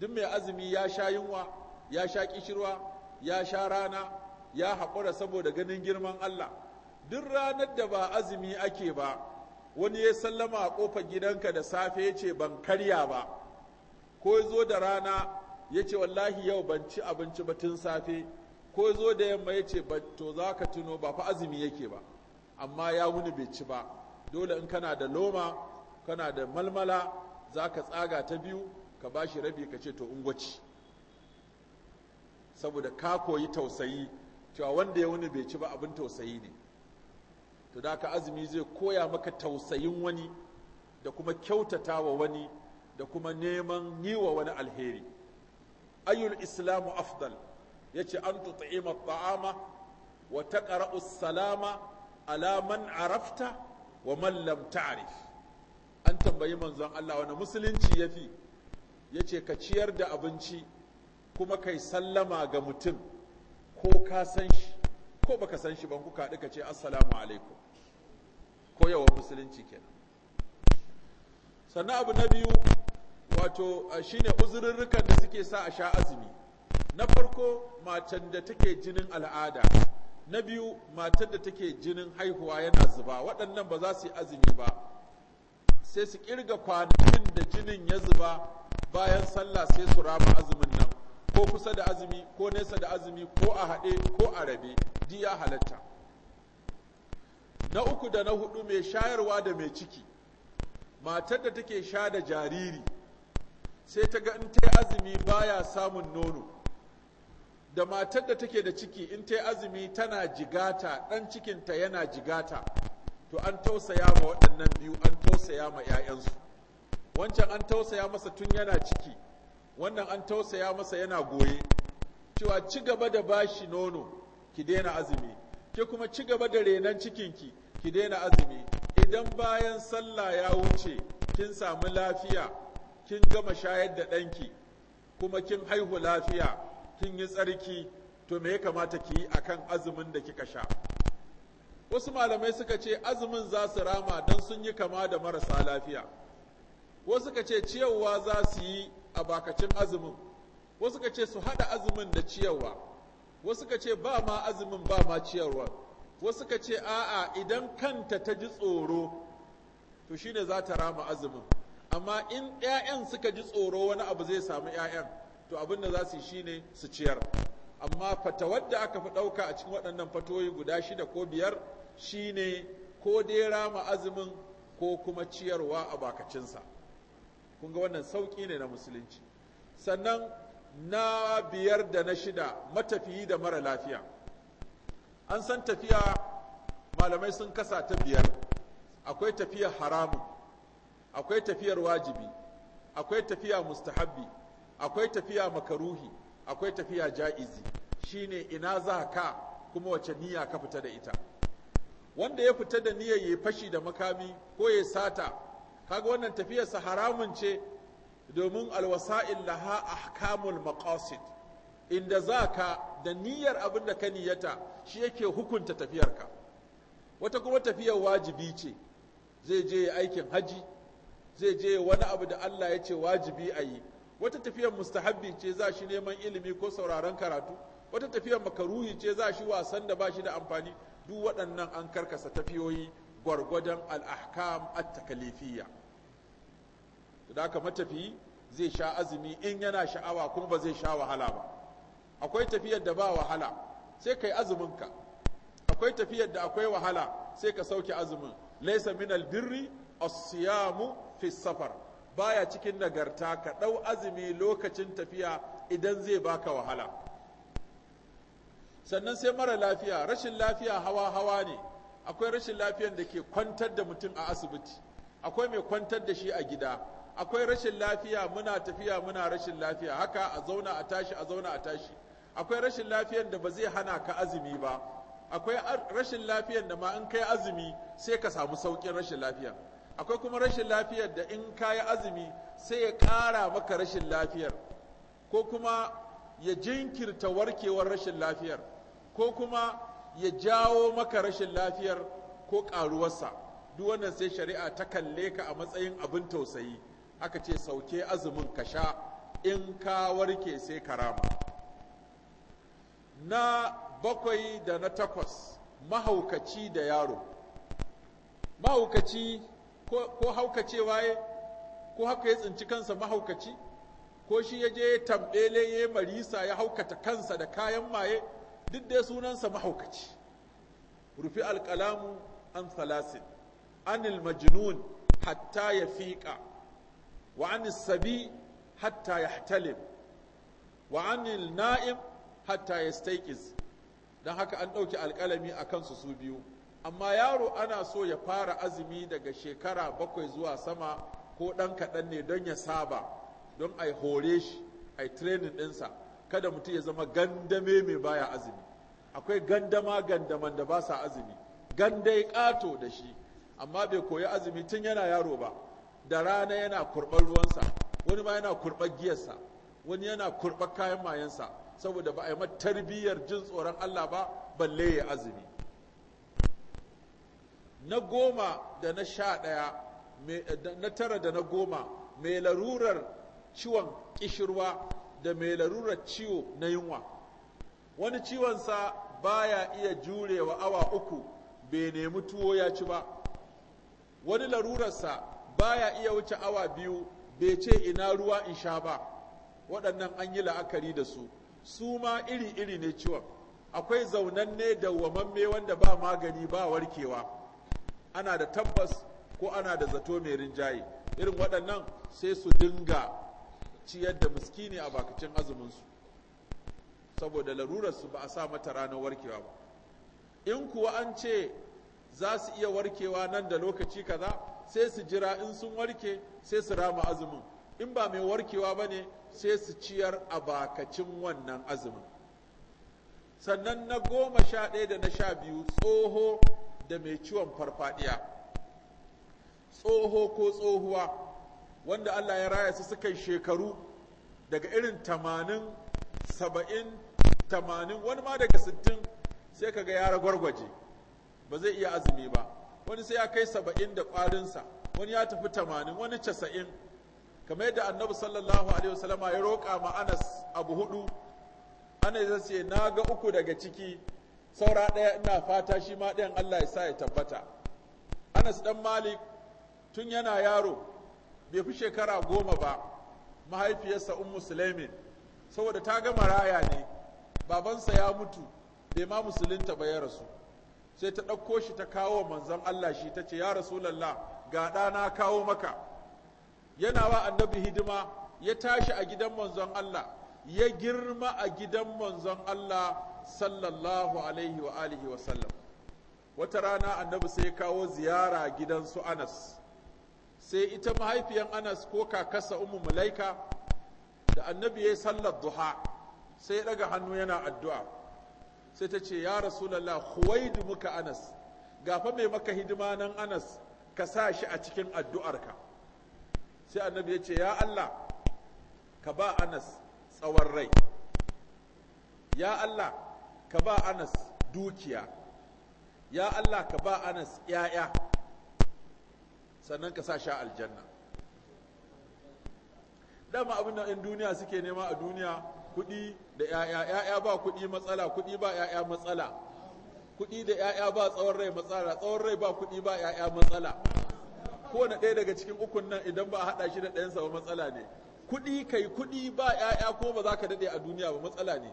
duk mai azumi ya sha yunwa ya sha kishirwa ya sha rana ya haƙura saboda ganin girman Allah duk ranar da ba azumi ake ba wani ya sallama a ƙofar gidanka da safe ya ce ban karya ba ko zo da rana ya ce wallahi yau ban ci abinci ba tun safe ko zo da yamma ya ce to za ka tuno ba fa azumi yake ba amma ya wuni bai ci ba dole in kana da loma kana da malmala za ka tsaga ta biyu ka ba shi rabi ka ce to ungwaci saboda ka koyi tausayi cewa wanda ya wani bai ci ba abin tausayi ne to da ka azumi zai koya maka tausayin wani da kuma kyautata wa wani da kuma neman yi wa wani alheri ayyul islamu afdal ya ce an tuta'ima ta'ama wa taqra'u salama ala arafta wa mallam lam tambayi manzon Allah wani musulunci ya fi ya ce ka ciyar da abinci kuma kai sallama ga mutum ko ka san shi ko baka san shi ban ku kaɗi ka ce assalamu alaikum koyawa musulunci kenan sannan abu na biyu wato shine uzurrukan da suke sa a sha azumi na farko matan da take jinin al'ada na biyu matan da take jinin haihuwa yana zuba waɗannan ba za su yi azumi ba sai su kirga kwanakin da jinin ya zuba bayan sallah sai su raba azumin nan ko kusa da azumi ko nesa da azumi ko a haɗe ko a rabe di ya halatta na uku da na hudu mai shayarwa da mai ciki matar da take sha da jariri sai ta ga in ta azumi baya samun nono da matar da take da ciki in ta azumi tana jigata ɗan cikinta yana jigata to an tausaya ma waɗannan biyu an tausaya ma 'ya'yansu wancan an tausaya masa tun yana ciki wannan an tausaya masa yana goye cewa ci gaba da bashi nono ki daina azumi ke kuma ci gaba da renon cikinki ki daina azumi idan bayan sallah ya wuce kin samu lafiya kin gama shayar da ɗanki kuma kin haihu lafiya kin yi tsarki to me ya kamata ki yi akan azumin da kika sha wasu malamai suka ce azumin za su rama don sun yi kama da marasa lafiya wasu suka ce ciyarwa za su yi a bakacin azumin wasu suka ce su haɗa azumin da ciyarwa wasu suka ce ba ma azumin ba ma ciyarwa wasu suka ce a'a idan kanta ta ji tsoro to shine za ta rama azumin amma in 'ya'yan suka ji tsoro wani abu zai samu 'ya'yan to abin da za su yi shine su ciyar amma fatawar da aka fi ɗauka a cikin waɗannan fatoyi guda shida ko biyar Shi ne ko dai rama azumin ko kuma ciyarwa a bakacinsa kun ga wannan sauƙi ne na musulunci sannan na biyar da na shida matafiyi da mara lafiya an san tafiya malamai sun kasa ta biyar akwai tafiyar haramun akwai tafiyar wajibi akwai tafiya mustahabbi akwai tafiya makaruhi akwai tafiya ja'izi shine ina za ka kuma wace niyya ka fita da ita wanda ya fita da niyyar ya fashi da makami ko ya sata kaga wannan tafiyarsa haramun ce domin alwasa'il laha ahkamul maqasid inda zaka da niyyar abin da ka niyyata shi yake hukunta tafiyarka wata kuma tafiyar wajibi ce zai je aikin haji zai je wani abu da Allah ya ce wajibi a yi wata tafiyar mustahabbi ce za shi neman ilimi ko sauraron karatu wata tafiyar makaruhi ce za shi wasan da ba shi da amfani duk waɗannan an karkasa tafiyoyi gwargwadon al'ahkam at-takalifiyya to da aka matafi zai sha azumi in yana sha'awa kuma ba zai sha wahala ba akwai tafiyar da ba wahala sai kai azuminka akwai tafiyar da akwai wahala sai ka sauke azumin laysa min albirri as-siyamu fi safar baya cikin nagarta ka ɗau azumi lokacin tafiya idan zai baka wahala sannan sai mara lafiya rashin lafiya hawa hawa ne akwai rashin lafiyan da ke kwantar da mutum a asibiti akwai mai kwantar da shi a gida akwai rashin lafiya muna tafiya muna rashin lafiya haka a zauna a tashi a zauna a tashi akwai rashin lafiyan da ba zai hana ka azumi ba akwai rashin lafiyan da ma in kai azumi sai ka samu sauƙin rashin lafiya akwai kuma rashin lafiyar da in kayi azumi sai ya ƙara maka rashin lafiyar ko kuma ya jinkirta warkewar rashin lafiyar ko kuma ya jawo maka rashin lafiyar ko ƙaruwarsa duk wannan sai shari'a ta kalle ka a matsayin abin tausayi aka ce sauke azumin ka sha in ka warke sai karama na bakwai da na takwas mahaukaci da yaro mahaukaci ko haukace ya ko haka ya tsinci kansa mahaukaci ko shi ya je tambele ya marisa ya haukata kansa da kayan maye duk dai sunansa mahaukaci rufi alkalamu an thalasin anil majnun hatta ya fiƙa wa anil sabi hatta ya hatalim wa anil na'im hatta ya staikiz don haka an ɗauki alkalami a kansu su biyu amma yaro ana so ya fara azumi daga shekara bakwai zuwa sama ko ɗan kaɗan ne don ya saba don a hore shi a training ɗinsa kada mutum ya zama gandame mai baya azumi akwai gandama gandaman da ba sa azumi gandai ƙato da shi amma bai koyi azumi tun yana yaro ba da rana yana kurɓar ruwansa wani ma yana kurɓar giyarsa wani yana kurɓar kayan mayansa saboda ba a yi tarbiyyar jin tsoron Allah ba balle ya azumi na goma da na sha ɗaya na tara da na goma mai larurar ciwon kishirwa. da mai larurar ciwo na yunwa wani ciwonsa baya iya jurewa awa uku bai nemi tuwo ya ci ba wani larurarsa baya iya wuce awa biyu bai ce ina ruwa in sha ba waɗannan an yi la'akari da su su ma iri-iri ne ciwon akwai zaunanne da wamamme wanda ba magani ba warkewa ana da tabbas ko ana da zato mai rinjaye irin waɗannan sai su dinga ciyar da miskini a bakacin azuminsu saboda larurarsu ba a sa mata ranar warkewa ba in kuwa an ce za su iya warkewa nan da lokaci kaza sai su jira in sun warke sai su rama azumin in ba mai warkewa ba ne sai su ciyar a bakacin wannan azumin sannan na goma sha ɗaya da na sha biyu tsoho da mai ciwon farfadiya tsoho ko tsohuwa wanda Allah ya raya su suka yi shekaru daga irin tamanin saba'in tamanin wani ma daga sittin sai ka ga yara gwargwaje ba zai iya azumi ba wani sai ya kai saba'in da ƙwarinsa wani ya tafi tamanin wani casa'in kamar yadda annabi sallallahu alaihi wasallama ya roƙa ma anas abu hudu anas ya ce na ga uku daga ciki saura ɗaya ina fata shi ma ɗayan allah ya sa ya tabbata anas dan malik tun yana yaro bai fi shekara goma ba mahaifiyarsa un musulmi saboda ta gama raya ne babansa ya mutu bai ma musulunta ba ya rasu sai ta ɗauko shi ta kawo manzon Allah shi ta ce ya rasu rasulallah ga ɗana kawo maka yana wa annabi hidima ya tashi a gidan manzon Allah ya girma a gidan manzon Allah sallallahu alaihi wa alihi wa sallam wata rana annabi sai ya kawo ziyara gidan su Anas sai ita mahaifiyan anas ko kakasa umu mulaika da annabi ya sallar duha sai ya daga hannu yana addu'a sai ta ce ya rasulallah huwaidu muka anas gafa mai maka hidima nan anas ka sa shi a cikin addu'arka sai annabi ya ce ya allah ka ba anas tsawon rai ya allah ka ba anas dukiya ya allah ka ba anas ‘ya'ya sannan ka sa sha aljanna dama abin nan in duniya suke nema a duniya kuɗi da ‘ya'ya ‘ya'ya ba kuɗi matsala kuɗi ba ‘ya'ya matsala kuɗi da ‘ya'ya ba tsawon rai matsala tsawon rai ba kuɗi ba ‘ya'ya matsala kowane ɗaya daga cikin ukun nan idan ba a haɗa shi da ɗayansa ba matsala ne kuɗi kai kuɗi ba ‘ya'ya ko ba za ka daɗe a duniya ba matsala ne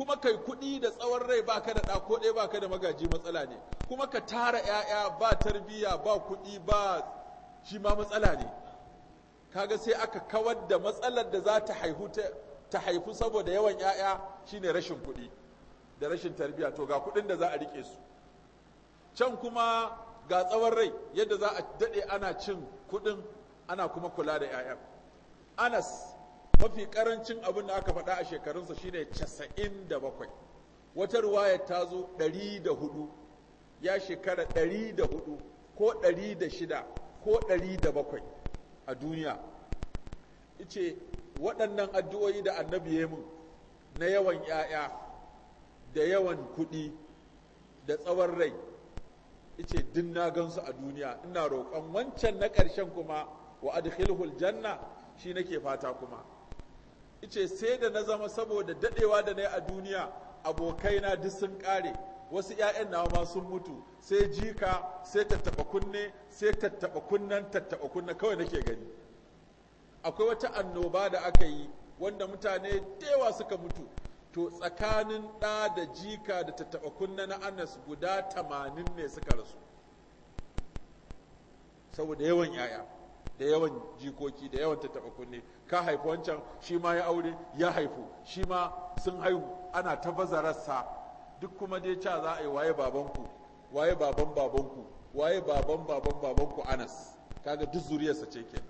kuma kai kuɗi da tsawon rai ba ka da ɗako ɗaya ba ka da magaji matsala ne kuma ka tara ‘ya'ya ba tarbiyya ba kuɗi ba shi ma matsala ne kaga sai aka kawar da matsalar da za ta haihu ta haifu saboda yawan ‘ya'ya shine rashin kuɗi da rashin tarbiyya to ga kuɗin da za a riƙe su can kuma ga tsawon rai yadda za a daɗe ana cin kuɗin ana kuma kula da 'yaya anas mafi karancin abin da aka faɗa a shekarunsa shine 97 wata ruwaya ta zo 104 ya shekara da 104 ko 106 ko 107 a duniya ice waɗannan addu'o'i da annabi ya mun na yawan ‘ya'ya da yawan kuɗi da tsawon rai ice din na gansu a duniya ina roƙon wancan na ƙarshen kuma wa adkhilhul janna shi nake fata kuma ice sai da na zama saboda dadewa da na yi a duniya abokaina duk sun kare wasu 'ya'yan nawa ma sun mutu sai jika sai tattaba kunne sai tattaba kunnen tattaba kunne kawai nake gani akwai wata annoba da aka yi wanda mutane dewa suka mutu to tsakanin ɗa da jika da tattaba kunne na anas guda tamanin ne suka rasu saboda yawan 'ya'ya da yawan jikoki da yawan tattaɓa kunne ka haifi wancan shi ma ya aure ya haifu shi ma sun haihu ana ta bazararsa duk kuma dai ca za a yi waye babanku waye baban babanku waye baban baban babanku anas kaga duk zuriyarsa ce ke.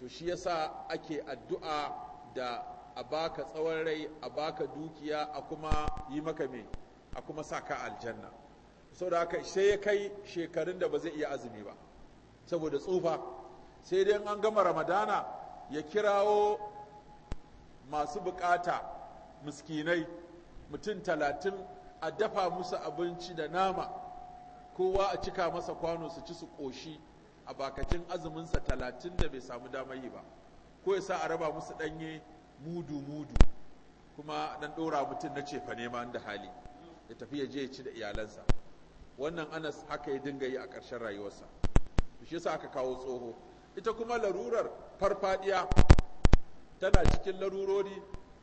to shi yasa ake addu'a da a baka tsawon rai a baka dukiya a kuma yi maka me a kuma sa ka aljanna da haka sai ya kai shekarun da ba zai iya azumi ba saboda tsufa sai dai an gama ramadana ya kirawo masu bukata miskinai mutum talatin a dafa musu abinci da nama kowa a cika masa kwano su ci su koshi a bakacin azuminsa talatin da bai samu damar yi ba ko ya sa a raba musu danye mudu-mudu kuma dan ɗora mutum na cefa nema da hali ya tafi ya je ya ci da iyalansa wannan anas haka ya dinga yi a ƙarshen rayuwarsa shi yasa aka kawo tsoho ita kuma larurar farfadiya tana cikin larurori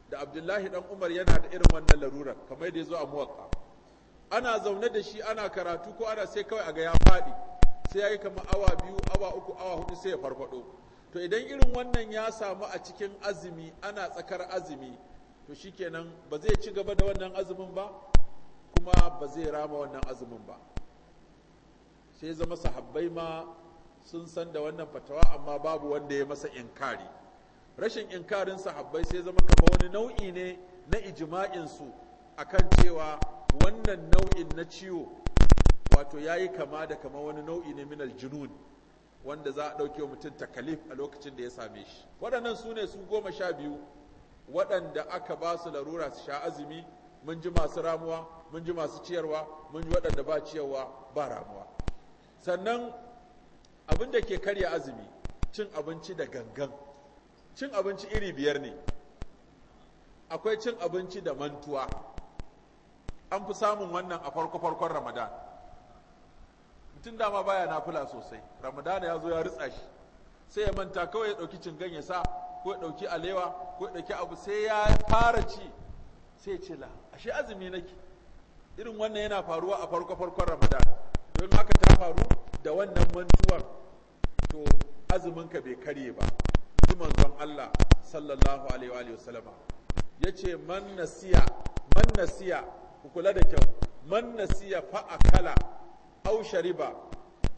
da abdullahi dan umar yana da irin wannan larurar kamar yadda ya zo a muwaƙa ana zaune da shi ana karatu ko ana sai kawai a ga ya faɗi sai ya yi kamar awa biyu awa uku awa hudu sai ya farfado to idan irin wannan ya samu a cikin azumi ana tsakar azumi to shikenan ba zai ci gaba da wannan azumin ba kuma ba zai rama wannan azumin ba sai zama sahabbai ma sun san da wannan fatawa amma babu wanda ya masa inkari rashin inkarin sahabbai sai zama kamar wani nau'i ne na ijma'in su kan cewa wannan nau'in na ciwo wato ya yi kama da kama wani nau'i ne minal junun wanda za a ɗauke mutum takalif a lokacin da ya same shi waɗannan su ne su goma sha biyu waɗanda aka ba su larura su sha azumi mun ji masu ramuwa mun ji masu ciyarwa mun ji waɗanda ba ciyarwa ba ramuwa sannan abin da ke karya azumi cin abinci da gangan cin abinci iri biyar ne akwai cin abinci da mantuwa an fi samun wannan a farko-farkon ramadan mutum dama baya na fula sosai ramadan ya zo ya ritsa shi sai ya manta kawai ya ɗauki cingan ya sa ko ya ɗauki alewa ko ya ɗauki abu sai ya fara ci sai ce la ashe azumi nake irin wannan yana faruwa a farko-farkon ramadan don haka ta faru da wannan mantuwar to azuminka bai karye ba ji manzon Allah sallallahu alaihi wa sallama yace man nasiya man nasiya ku kula da kyau man nasiya fa akala aw shariba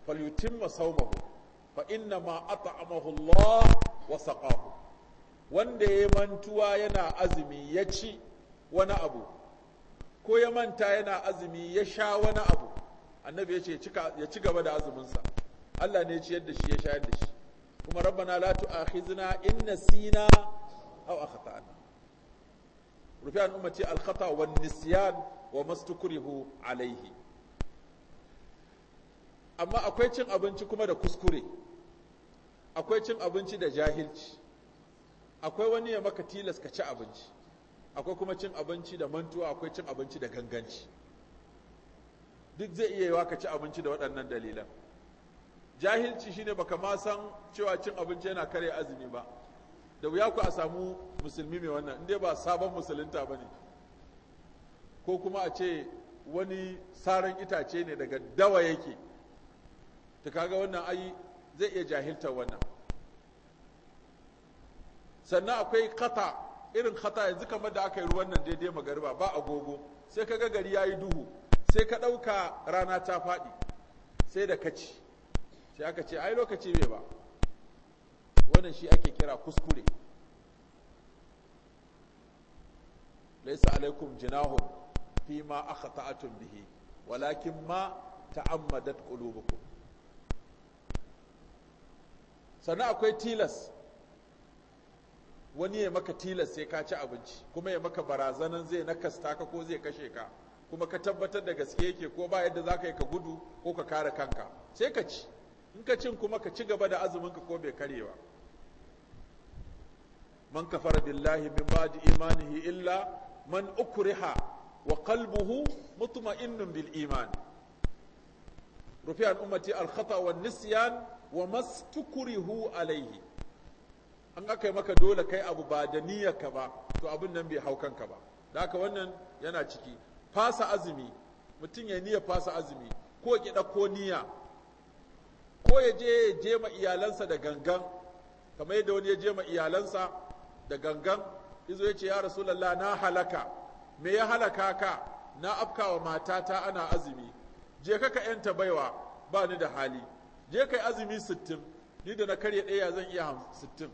falyutimma sawmahu fa inna ma at'amahu Allah wa saqahu wanda ya mantuwa yana azumi ya ci wani abu ko ya manta yana azumi ya sha wani abu annabi ya ce ya ci gaba da azuminsa Allah ne ciyar da shi ya shayar da shi kuma rabbana la tu'akhizna in nasina aw akhtana rufi ummati al khata wan nisyan wa mastukrihu alaihi amma akwai cin abinci kuma da kuskure akwai cin abinci da jahilci akwai wani ya maka tilas ka ci abinci akwai kuma cin abinci da mantuwa akwai cin abinci da ganganci duk zai iya yiwa ka ci abinci da waɗannan dalilan jahilci shine baka ma san cewa cin abinci yana kare azumi ba da wuya ku a samu musulmi mai wannan inda ba sabon musulunta ba ne ko kuma a ce wani saran itace ne daga dawa yake ta kaga wannan ayi zai iya jahilta wannan sannan akwai kata irin kata yanzu kamar da aka yi ruwan nan daidai magariba ba agogo sai ka ga gari ya yi duhu sai ka ɗauka rana ta faɗi sai da kaci sai aka ce ai lokaci bai ba wannan shi ake kira kuskure laisa alaikum jinahun fi ma akhata'tum bihi walakin ma ta'ammadat qulubukum sannan akwai tilas wani ya maka tilas sai ka ci abinci kuma ya maka barazanan zai nakasta ka ko zai kashe ka kuma ka tabbatar da gaske yake ko ba yadda za ka yi ka gudu ko ka kare kanka sai ka ci in ka cin kuma ka ci gaba da azuminka ko bai karye ba man kafara billahi min ba'di imanihi illa man ukriha wa qalbuhu mutma'innun bil iman rufi an ummati al khata wa nisyan wa mastukrihu alayhi an aka maka dole kai abu ba da niyyarka ba to abin nan bai hau kanka ba da haka wannan yana ciki fasa azumi mutum ya niyya fasa azumi ko ki ko niyya ko ya je ya je ma iyalansa da gangan kamar yadda wani ya je ma iyalansa da gangan izo ya ce ya rasulallah na halaka me ya halaka ka na afkawa matata ana azumi je kaka ka yanta baiwa ba ni da hali je kai azumi sittin ni da na karya ɗaya zan iya sittin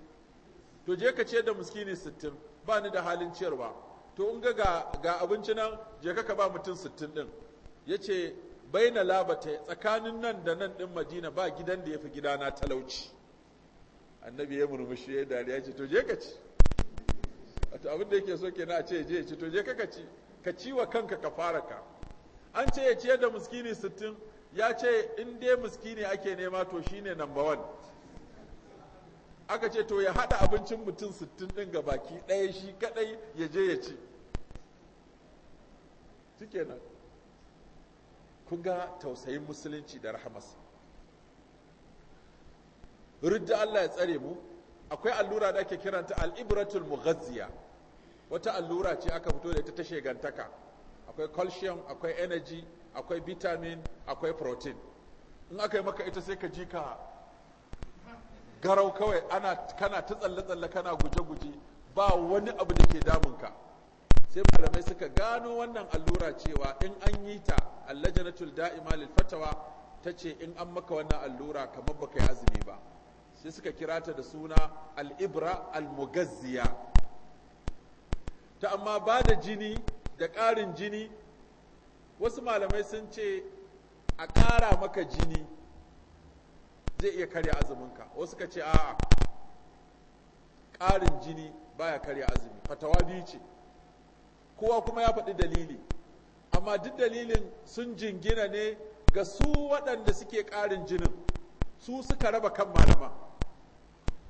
to je ka ce da muskini sittin ba ni da halin ciyarwa to in ga abinci nan je ka ba mutum sittin ɗin ya ce baina labata tsakanin nan da nan din madina ba gidan da ya fi gidana talauci annabi ya murmushi ya dariya ce to je ka ci wato abin da yake so kenan a ce je ci to je ka ci ka ci wa kanka ka fara ka an ce ya ciyar da miskini sittin ya ce in dai miskini ake nema to shine number one aka ce to ya hada abincin mutum sittin din ga baki ɗaya shi kadai ya je ya ci shikenan kun tausayin musulunci da rahamarsa ridda Allah ya tsare mu akwai allura da ake kiranta al'ibratul mughazziya wata allura ce aka fito da ita ta shegantaka akwai calcium akwai energy akwai vitamin akwai protein in aka yi maka ita sai ka ji ka garau kawai ana kana ta tsalle-tsalle kana guje-guje ba wani abu da ke damunka sai malamai suka gano wannan allura cewa in an yi ta allajanatul da'ima lil fatawa ta ce in an maka wannan allura kamar baka yi azumi ba sai suka kira ta da suna al-ibra al-mugazziya ta amma ba da jini da ƙarin jini wasu malamai sun ce a ƙara maka jini zai iya karya azuminka wasu ka ce a'a ƙarin jini baya karya azumi fatawa biyu ce kowa kuma ya faɗi dalili amma duk dalilin sun jingina ne ga su waɗanda suke ƙarin jinin su suka raba kan malama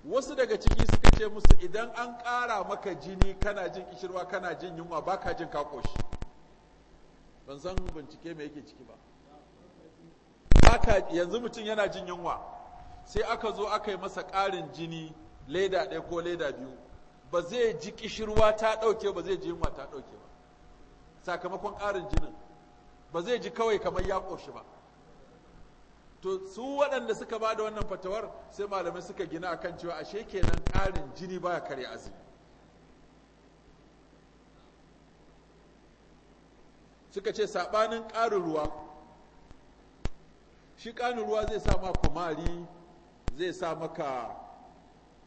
wasu daga ciki suka ce musu idan an ƙara maka jini kana jin kishirwa kana jin yunwa ba ka jin ka ban san bincike me yake ciki ba yanzu mutum yana jin yunwa sai aka zo aka yi masa ƙarin jini leda ɗaya ko leda biyu ba zai ji kishirwa ta ɗauke ba zai ji yunwa ta ɗauke ba sakamakon ƙarin jinin ba zai ji kawai kamar ya ƙoshi ba to su waɗanda suka ba da wannan fatawar sai malamai suka gina a kan cewa ashe kenan ƙarin jini ya karya azumi suka ce saɓanin ƙarin ruwa shi ƙarin ruwa zai sa ma kumari zai sa maka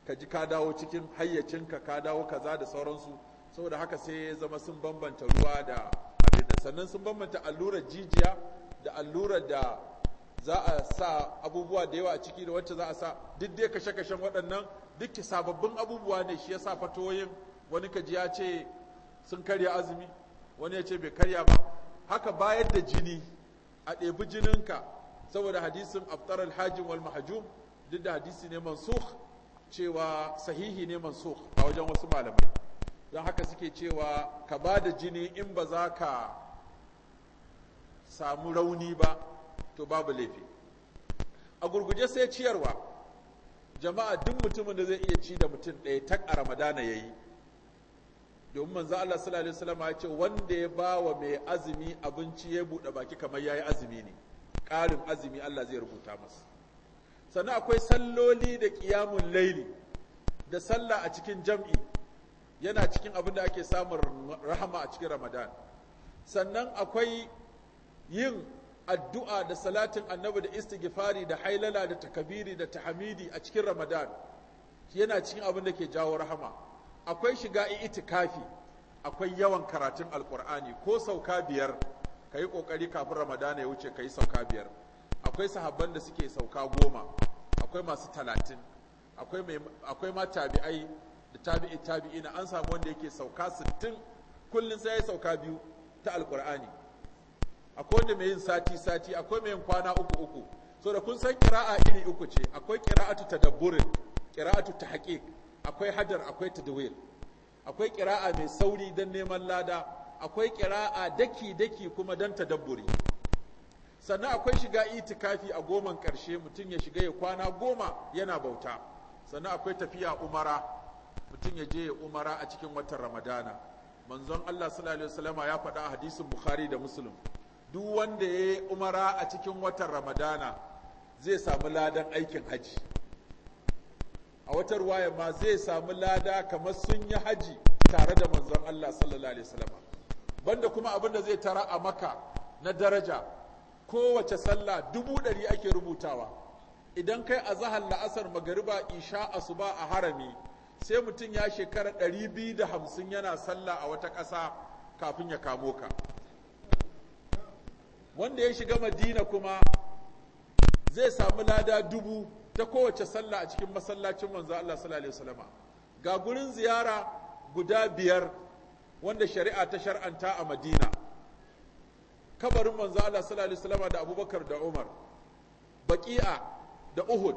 ka ji ka dawo cikin hayyacinka ka dawo kaza da sauransu saboda haka sai ya zama sun bambanta ruwa da abin sannan sun bambanta allurar jijiya da allurar da za a sa abubuwa da yawa a ciki da wacce za a sa duk dai kashe-kashen waɗannan duk sababbin abubuwa ne shi ya sa fatoyin wani kaji ya ce sun karya azumi wani ya ce bai karya ba haka bayar da jini a ɗebi jininka saboda hadisin abtar alhajin wal mahajum duk da hadisi ne mansukh cewa sahihi ne mansukh a wajen wasu malamai don haka suke cewa ka ba da jini in ba za ka samu rauni ba to babu laifi a gurguje sai ciyarwa jama'a duk mutumin da zai iya ci da mutum ɗaya tak a ramadana ya yi domin manzo Allah sallallahu alaihi wasallam ya ce wanda ya ba wa mai azumi abinci ya buɗe baki kamar ya yi azumi ne ƙarin azumi Allah zai rubuta masa sannan akwai salloli da ƙiyamun laili da sallah a cikin jam'i yana cikin abin da ake samun rahama a cikin ramadan sannan akwai yin addu'a da salatin annabi da istighfari da hailala da takabiri da tahamidi a cikin ramadan yana cikin abin da ke jawo rahama akwai shiga itikafi akwai yawan karatun alkur'ani ko sauka biyar ka yi ƙoƙari kafin ramadan ya wuce ka yi sauka biyar akwai sahabban da suke sauka goma akwai masu talatin akwai ma tabi'ai da tabi'i tabi'i na an samu wanda yake sauka sittin kullum sai ya sauka biyu ta alkur'ani akwai wanda mai yin sati sati akwai mai yin kwana uku uku so da kun san kira'a iri uku ce akwai qira'atu kira'a ta tahqiq akwai hadar akwai ta dawil akwai kira'a mai sauri don neman lada akwai kira'a daki daki kuma don tadabburi sannan akwai shiga itikafi a goman ƙarshe mutum ya shiga ya kwana goma yana bauta sannan akwai tafiya umara mutum ya je ya umara a cikin watan ramadana manzon Allah sallallahu alaihi ya faɗa a hadisin bukhari da muslim duk wanda ya yi umara a cikin watan ramadana zai samu ladan aikin haji a wata ruwaya ma zai samu lada kamar sun yi haji tare da manzon Allah sallallahu alaihi banda kuma abin da zai tara a maka na daraja kowace sallah dubu ɗari ake rubutawa idan kai a zahar la'asar magariba isha asuba a harami sai mutum ya shekara ɗari biyu da hamsin yana sallah a wata ƙasa kafin ya kamo ka wanda ya shiga madina kuma zai samu lada dubu ta kowace sallah a cikin masallacin manzo Allah sallallahu alaihi ga gurin ziyara guda biyar wanda shari'a ta shar'anta a madina kabarin manzo Allah sallallahu alaihi wasallam da Abubakar da Umar baqi'a da Uhud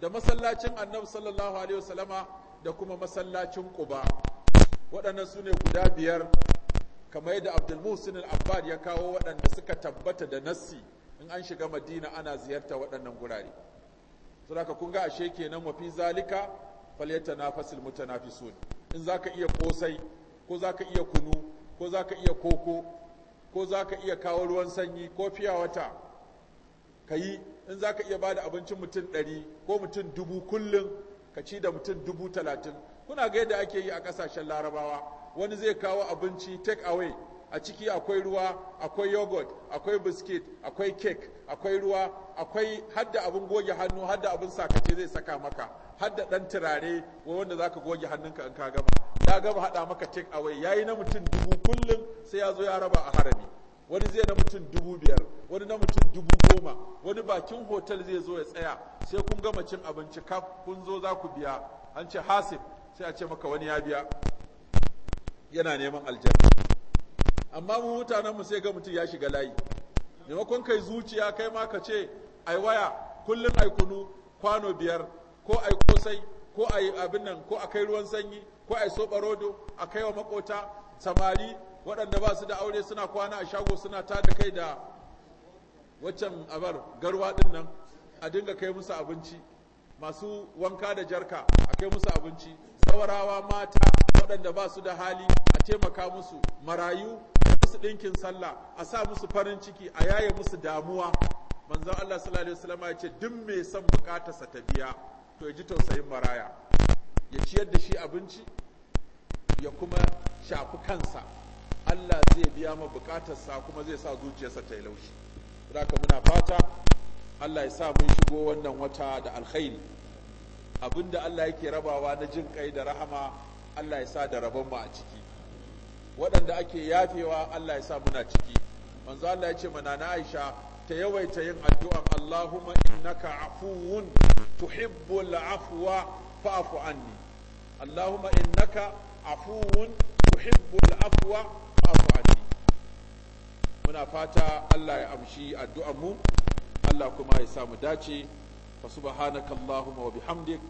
da masallacin Annabi sallallahu alaihi wasallama da kuma masallacin Quba waɗannan sune guda biyar kamar yadda Abdul Muhsin al-Abbad ya kawo waɗanda suka tabbata da nassi in an shiga Madina ana ziyarta waɗannan gurare saboda kun ga ashe kenan wa fi zalika falyatanafasul mutanafisun in zaka iya kosai ko zaka iya kunu ko zaka iya koko ko za ka iya kawo ruwan sanyi ko fiya wata ka yi in za ka iya ba da abincin mutum ɗari ko mutum dubu kullum ka ci da mutum dubu talatin kuna ga yadda ake yi a ƙasashen larabawa wani zai kawo abinci take away a ciki akwai ruwa akwai yogurt akwai biskit akwai cake akwai ruwa akwai hadda abin goge hannu hadda abin sakace zai saka maka hadda ɗan turare wanda za ka goge hannunka in ka gama ya gama haɗa maka take away yayi na mutum dubu kullum sai ya zo ya raba a harami wani zai na mutum dubu biyar wani na mutum dubu goma wani bakin hotel zai zo ya tsaya sai kun gama cin abinci kaf kun zo za ku biya an ce hasib sai a ce maka wani ya biya yana neman aljanna amma mu mutanenmu sai ga mutum ya shiga layi maimakon kai zuciya kai ma ka ce ai waya kullum ai kunu kwano biyar ko ai kosai ko ai abin nan ko akai ruwan sanyi ko a soɓa rodo a kai wa makota samari waɗanda ba su da aure suna kwana a shago suna ta da kai da waccan abar garwa ɗin nan a dinga kai musu abinci masu wanka da jarka a kai musu abinci sawarawa mata waɗanda ba su da hali a taimaka musu marayu musu ɗinkin sallah a sa musu farin ciki a yaye musu damuwa manzon Allah sallallahu alaihi wasallam ya ce duk mai son bukatarsa ta biya to ya ji tausayin maraya ya ciyar da shi abinci ya kuma shafi kansa Allah zai biya ma bukatarsa kuma zai sa zuciyarsa ta yi laushi haka muna fata Allah ya sa mun shigo wannan wata da alkhairi abinda Allah yake rabawa na jin kai da rahama Allah ya sa da rabon mu a ciki waɗanda ake yafewa Allah ya sa muna ciki manzo Allah ya ce mana na Aisha ta yawaita yin addu'an Allahumma innaka afuwun tuhibbul afwa fa'fu anni allahumma innaka afuwun tuhibbul afwa fa'fu anni muna fata Allah ya amshi addu'ar mu Allah kuma ya samu dace fa subhanaka allahumma wa bihamdik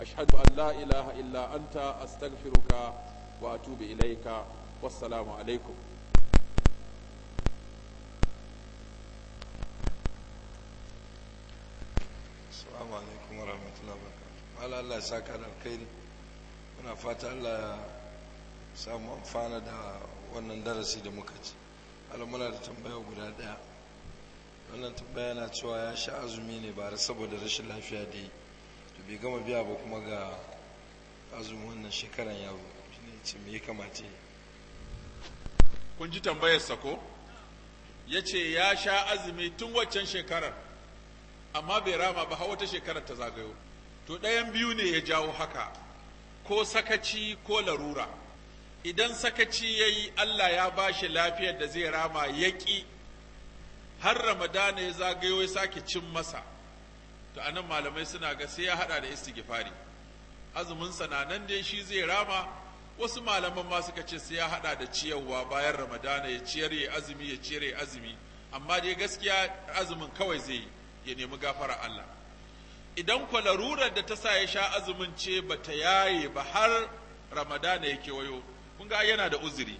ashhadu an la ilaha illa anta astaghfiruka wa ilaika alaikum السلام عليكم ورحمة الله وبركاته Allah Allah saka da alkhairi muna fata Allah ya samu amfana da wannan darasi da muka ci muna da tambaya guda daya wannan tambaya na cewa ya sha azumi ne ba saboda rashin lafiya da yi to bai gama biya ba kuma ga azumin wannan shekaran yaro shi ne ce me ya kamata kun ji tambayar sako ya ce ya sha azumi tun waccan shekarar amma bai rama ba har wata shekarar ta zagayo to ɗayan biyu ne ya jawo haka ko sakaci ko larura idan sakaci ya yi allah ya ba shi lafiyar da zai rama ya har ramadana ya zagayo ya sake cin masa to anan malamai suna ga sai ya haɗa da istighfari azumin sananan dai shi zai rama wasu malaman ma suka ce sai ya hada da ciyarwa bayan ramadana ya ciyar ya azumi ya ciyar ya azumi amma dai gaskiya azumin kawai zai ya nemi gafara Allah idan kwa da ta sa ya sha azumin ce ba ta yaye ba har ramadana ya wayo. kun ga yana da uzuri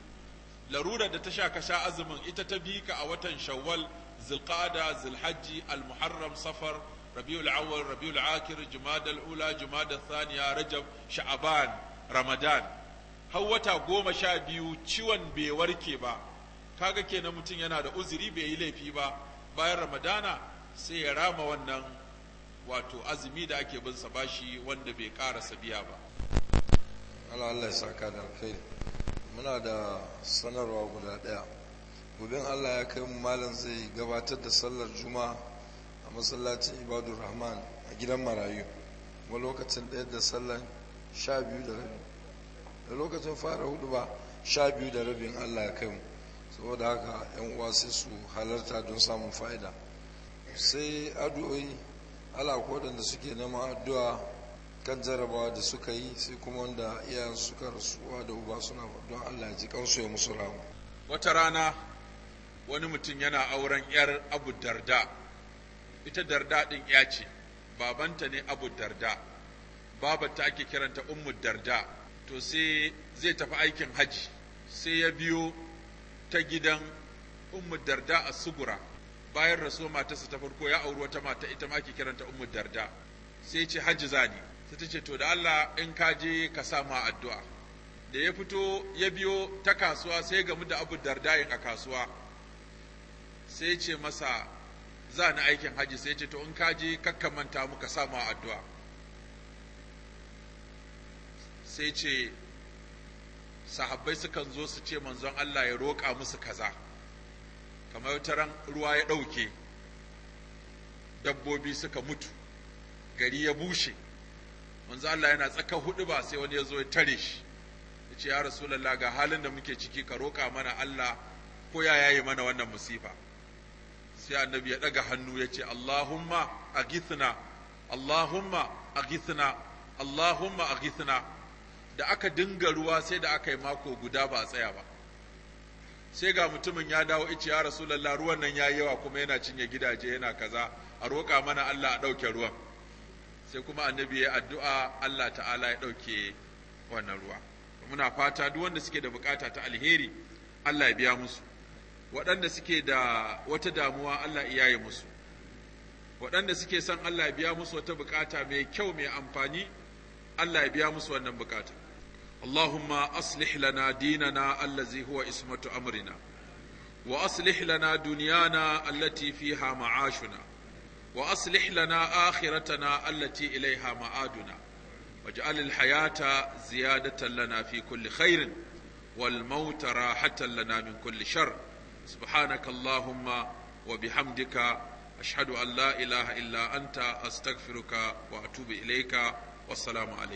larurar da ta sha ka sha azumin ita ta bi ka a watan shawwal zulqada zulhajji almuharram safar rabiul awwal rabiul akhir jumadal ula jumadal thaniya rajab sha'aban ramadan har wata goma sha biyu ciwon bai warke ba kaga kenan mutum yana da uzuri bai yi laifi ba bayan ramadana sai ya rama wannan wato azumi da ake bin sa bashi wanda bai karasa biya ba Allah Allah ya saka da alkhairi muna da sanarwa guda daya gobin Allah ya kai mu malam zai gabatar da sallar juma'a a masallacin ibadur rahman a gidan marayu wa lokacin ɗaya da sallar sha biyu da rabi da lokacin fara hudu ba sha biyu da rabin Allah ya kai mu saboda haka yan uwa sai su halarta don samun fa'ida sai addu'o'i ala waɗanda suke na addu'a kan jarabawa da suka yi sai kuma wanda iyayen suka rasuwa da uba suna don Allah ji kansu ya musu ramu wata rana wani mutum yana auren yar abu darda ita darda din ya ce babanta ne abu darda babata ake kiranta ummu darda to sai zai tafi aikin haji sai ya biyo ta gidan ummu darda a sugura bayan rasu matarsa ta farko ya auri wata mata ita ma ke kiranta ummu darda sai ce hajji zani sai ta ce to da Allah in ka je ka sa ma addu'a da ya fito ya biyo ta kasuwa sai gamu da abu yin a kasuwa sai ce masa za ni aikin hajji sai ce to in ka je kakka manta mu ka sa ma addu'a sai ce sahabbai sukan zo su ce manzon Allah ya roƙa musu kaza kamar taran ruwa ya ɗauke dabbobi suka mutu gari ya bushe manzo Allah yana tsaka hudu ba sai wani ya zo ya tare shi ya ce ya rasulallah ga halin da muke ciki ka roka mana Allah ko ya yayi mana wannan musifa sai annabi ya ɗaga hannu ya ce Allahumma gisna Allahumma agithna Allahumma agithna da aka dinga ruwa sai da aka yi mako guda ba a tsaya ba sai ga mutumin ya dawo ice ya rasulallah ruwan nan ya yi yawa kuma yana cinye gidaje yana kaza a roƙa mana Allah a ɗauke ruwan sai kuma annabi ya addu'a Allah ta'ala ya ɗauke wannan ruwa muna fata duk wanda suke da bukata ta alheri Allah ya biya musu waɗanda suke da wata damuwa Allah ya yi musu waɗanda suke son Allah ya biya musu wata bukata mai kyau mai amfani Allah ya biya musu wannan bukata اللهم أصلح لنا ديننا الذي هو اسمة أمرنا وأصلح لنا دنيانا التي فيها معاشنا وأصلح لنا آخرتنا التي إليها معادنا واجعل الحياة زيادة لنا في كل خير والموت راحة لنا من كل شر سبحانك اللهم وبحمدك أشهد أن لا إله إلا أنت أستغفرك وأتوب إليك والسلام عليكم